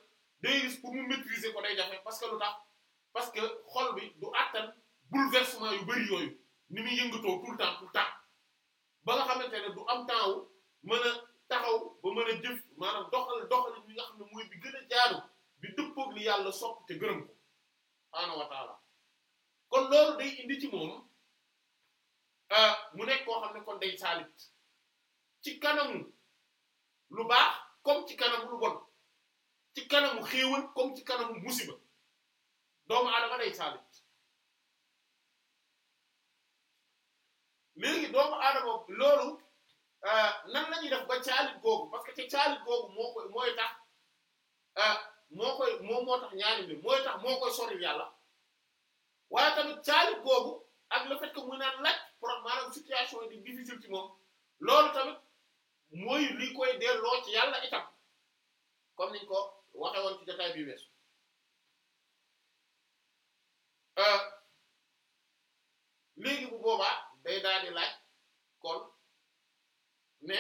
Speaker 1: day gis pour mu maîtriser ko day jafe parce que lu tax parce que xol bi du attan bouleversement yu bari yooyu ni muy yëngatoo tout le temps tout temps ba nga xamante ne du am temps mën a taxaw ba mën a jëf maanaam doxal doxal ñi nga xam ne mooy bi gën a jaaru bi dëppoog li yàlla sopp te gërëm ko kon loolu day indi ci moom a ah, mu nekk koo xam ne kon day saalit ci kanamu lu baax comme ci kanamu lu bon ci kanamu xéewal comme ci kanamu musiba doomu adama day saalit léegi doomu aadama loolu ah, nan la ñuy def ba caalit googu parce que ci caalit googu moo koy mooy tax ah, moo koy moo moo tax ñaari mbir mooy tax moo koy soril yàlla waaye tamit caalit googu ak le fait que mu naan laaj pour maanaam situation di difficile ci moom loolu tamit mooy li koy delloo ci yàlla itam comme niñ ko waxe woon ci jotaay bi weesu euh, léegi bu boobaa day daadi di laaj kon ne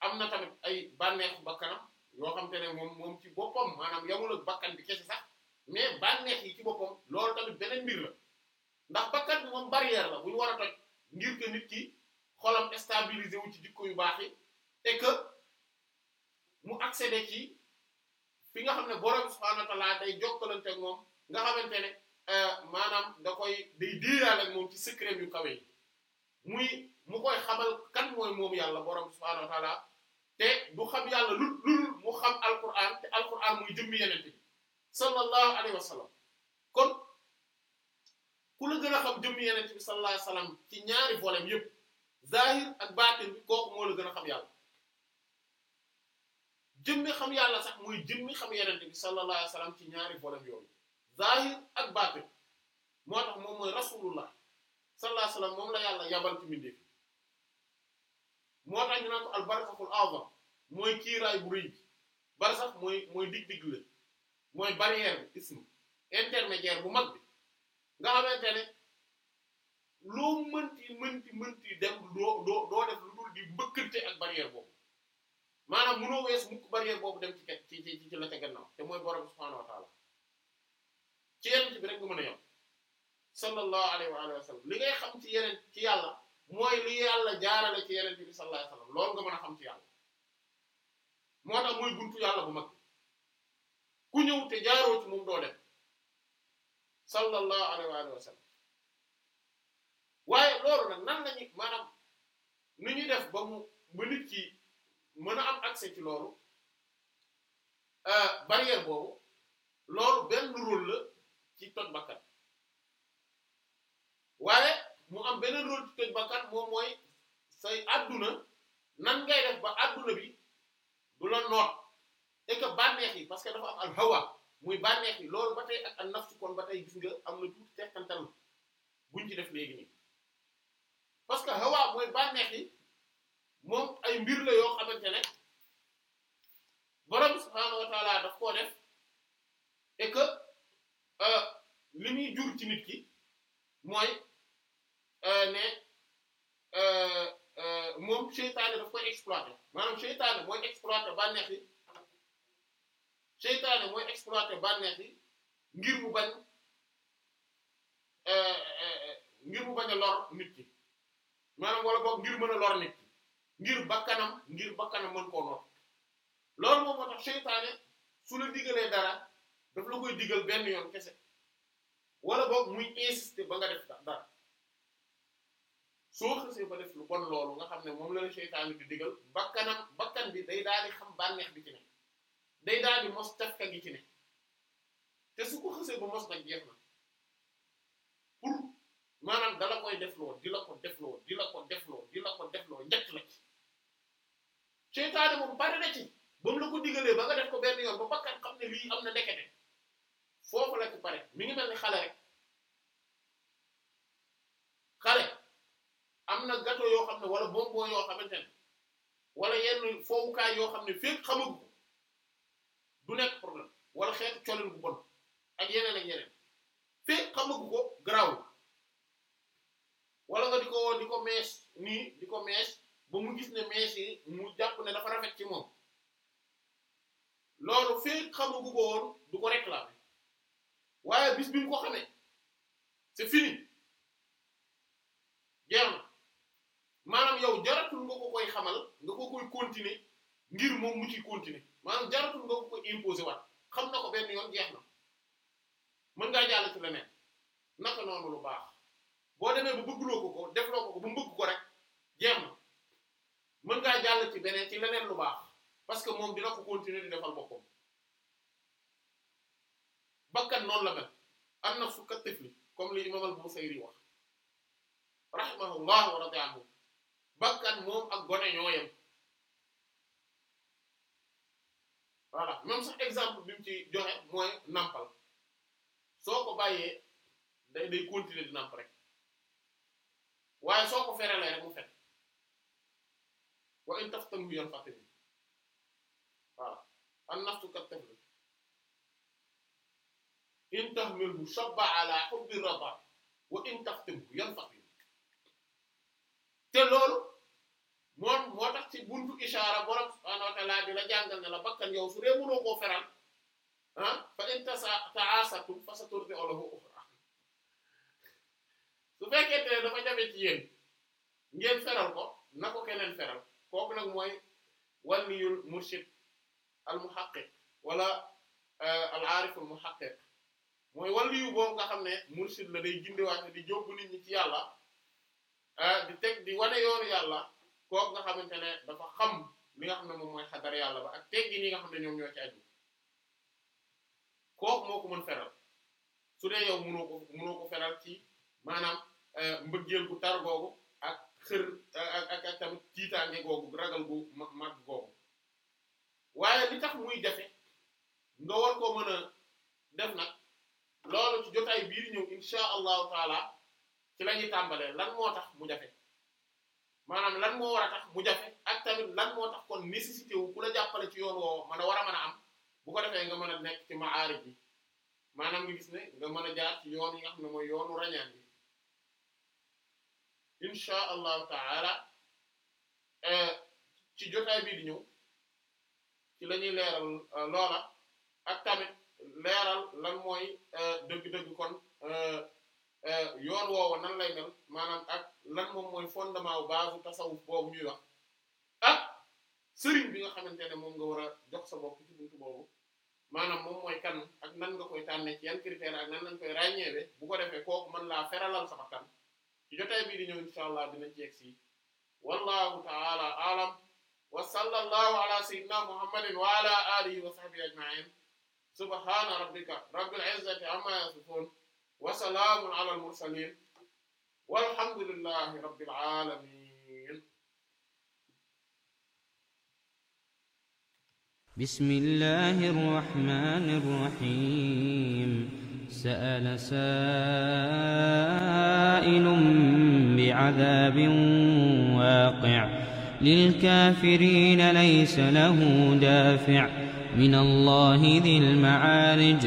Speaker 1: am na tamit ay bànneexu bakkanam yoo xam te ne moom moom ci boppam maanaam yamul ak bakkan bi kese sax mais bànneex yi ci boppam loolu tamit beneen mbir la ndax ba bi moom barrière la bu ñu war a toj ngir que nit ki xolam stabilisé wu ci dikko yu baax yi et que mu accéder ci fi nga xam ne borom subhaanahu wa ta'aala day jokkalante ak moom nga xamante ne euh, maanaam da koy day déeyaale ak moom ci secret yu kawe yi muy mu koy xamal kan mooy moom yàlla borom subhaanahu wa ta'aala te du xam yàlla lu lu mu xam Alquran te Alquran muy jëmmi yeneen bi sallallahu alayhi wa ku la gën a xam jëm yeneen bi sallallahu alayhi ci ñaari volets yëpp zahir ak baatin bi kooku moo la gën a xam yàlla jëmmi xam yàlla sax mooy jëmmi xam yeneen bi sallallahu alayhi ci ñaari volets yooyu zahir ak baatin moo tax moom mooy rasulullah sallallahu alayhi moom la yàlla yabal ci moo tax ñu naan ko albarakatul azam mooy kiiraay bu rëy bi bari sax mooy mooy dig-dig mooy barrière bi ism intermédiaire bu mag bi nga xamante ne loo mënti mënti mënti dem doo doo doo def lu dul di mbëkkante ak barrière boobu maanaam mënoo wees mukk barrière boobu dem ci kat ci ci la ca gannaaw te mooy borom subhaanahu wa ci yeneen bi rek nga mën a yomb sallallahu alayhi wa li ngay xam ci yeneen ci yàlla mooy li yàlla jaarale ci yeneen bi sallallahu alayhi wa loolu nga mën a xam ci yàlla moo tax mooy buntu yàlla bu mag ku ñëw te jaaroo ci moom doo dem. sallallahu alayhi wa sallam waaye loolu nag nan lañu maanaam nu ñuy def ba mu ba nit ki mën a am accès ci loolu euh, barrière boobu loolu benn rôle la ci toj bakkan waaye mu am beneen rôle ci toj bakkan moom mooy say adduna nan ngay def ba adduna bi du la noot et que bànneex yi parce que dafa am al hawa muy bànneex yi loolu ba tey ak an nafsu kon ba tey gis nga am na tuuti teqantal buñ ci def léegi nii parce que hawa mooy bànneex yi moom ay mbir la yoo xamante ne borom subhaanahu wa taala daf koo def et que euh, li muy jur ci nit ki mooy euh, ne euh, moom seytaane daf koy exploiter maanaam seytaane mooy exploiter bànneex yi seytaane mooy exploiter bànneex yi ngir mu bañ euh, euh, euh, ngir bu bañ a lor nit ki maanaam wala boog ngir mën a lor nit ki ngir bakkanam ngir mën koo noot loolu moom moo tax seytaane su la digalee dara daf la koy digal benn yoon kese wala boog muy insister ba nga def dara soo xasee ba def lu bon loolu nga xam ne moom la la seytaane di digal bakkanam bakkan bi day daal di xam bànneex bi ci ne day daal di mos cafka gi ci ne te su ko xësee ba mos nag jeex na pour maanaam dala koy defloo di la ko defloo di la ko defloo di la ko defloo la ci seytaane moom pare na ci ba la ko digalee ba nga def ko benn yoon ba bakkan xam ne lii am na ndekete foofu la ci pare mi ngi mel ni xale rek xale am na gâteau yoo xam ne wala bonbon yoo xamante ne wala yenn fowukaay yoo xam ne fépp xamagu du nekk problème wala xeet colin bu bon ak yeneen ak yeneen fekk xamagu ko garaawul wala nga di ko di ko mees nii di ko mees ba mu gis ne mees yi mu jàpp ne dafa rafet ci moom loolu fekk xamagu ko woon du ko réclamer waaye bis bi mu ko xamee c'est fini jeex maanaam yow jaratul nga ko koy xamal nga ko koy continuer ngir moom mu ciy maanaam jaratul nga ko imposé waat xam na ko benn yoon jeex na mën ngaa jàll ci leneen naka noonu lu baax boo demee ba bëggloo ko ko defloo ko ko ba mbëgg ko rek jeex na mën ngaa jàll ci beneen ci leneen lu baax parce que moom dina ko continuer di defal boppam bakkan noonu la mel am na fukka tifli comme li imam al-Busayri wax rahimahullah wa radiya anhu bakkan moom ak gone ñoo voilà même sax exemple bi mu ci joxe mooy nampal soo ko bàyyee day day continuer di rek waaye soo ko feralee rek mu fet wa in taftanhu yanfatim voilà an naftu kat tamli in tahmilhu shabba ala hubbi rada wa in taftanhu yanfatim te loolu moo moo tax ci buntu ishaara borom subhaanahu wa ta'aala di la jàngal ne la bakkan yow su dee mënoo koo feral ah fa in ta'aasatum fasaturdi'u lahu ukhraa su fekkee te dafa jafe ci yéen ngeen feral ko na keneen feral kooku nag mooy waliyul murshid al muhaqqiq wala eh, al aarif al muhaqqiq mooy waliyu boobu nga xam ne murshid la day gindiwaat di jóg nit ñi ci yàlla eh, di teg di wane yoonu yàlla. kooku nga xamante ne dafa xam li nga xam ne moom mooy xadar yàlla ba ak teggin yi nga xam ne ñoom ñoo ci aju kooku moo ko mën feral su dee yow mënoo ko mënoo ko feral ci maanaam euh, mbëggeel bu tar googu ak xër ak ak googu ragal gu mag googu waaye li tax muy jafe nga war koo mën a def nag loolu ci jotaay biir ñëw insha allahu taala ci la tàmbalee lan moo tax mu jafe maanaam lan moo war a tax mu jafe ak tamit lan moo tax kon nécessité wu ku la jàppale ci yoon woowu mën a war a a am bu ko defee nga mën a nekk ci maarij bi maanaam nga gis ne nga mën a jaar ci yoon yi nga xam ne mooy yoonu rañaan bi insha allahu taala eh, ci jotaay bii di ñëw ci la leeral eh, loola ak tamit leeral lan mooy eh, dëgg-dëgg kon yoon woowu nan lay mel maanaam ak lan moom mooy fondement wu base tasawuf boobu ñuy wax a sëriñ bi nga xamante ne moom nga war a jox sa bopp ci boobu maanaam moom mooy kan ak nan nga koy tànnee ci yan critère ak nan lañ koy ràññeebe bu ko defe kooku man laa feralal sama kan ci jotaay bii di ñëw insha allah dina ci yegsi wallahu taala alam wa sallallahu ala sayyidina muhammadin wa ala alihi wa sahbihi ajma'in subhana rabbika rabbil izzati amma yasifun wa salaamun ala al walhamdulillahi rabbil alamin
Speaker 2: bismillahir rahmanir rahim sa'ala sa'ilun bi'adhabin waqi' للكافرين ليس له دافع من الله ذي المعارج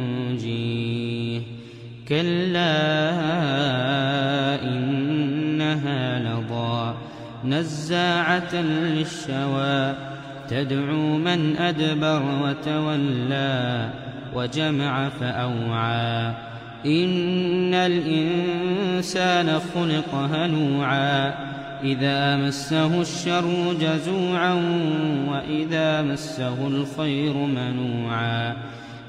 Speaker 2: كلا إنها لظى نزاعة للشوى تدعو من أدبر وتولى وجمع فأوعى إن الإنسان خلق هلوعا إذا مسه الشر جزوعا وإذا مسه الخير منوعا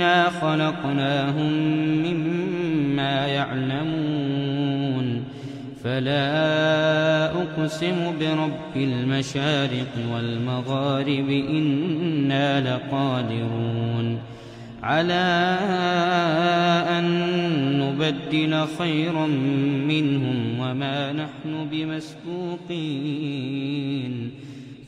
Speaker 2: إنا خلقناهم مما يعلمون فلا أقسم برب المشارق والمغارب إنا لقادرون على أن نبدل خيرا منهم وما نحن بمسبوقين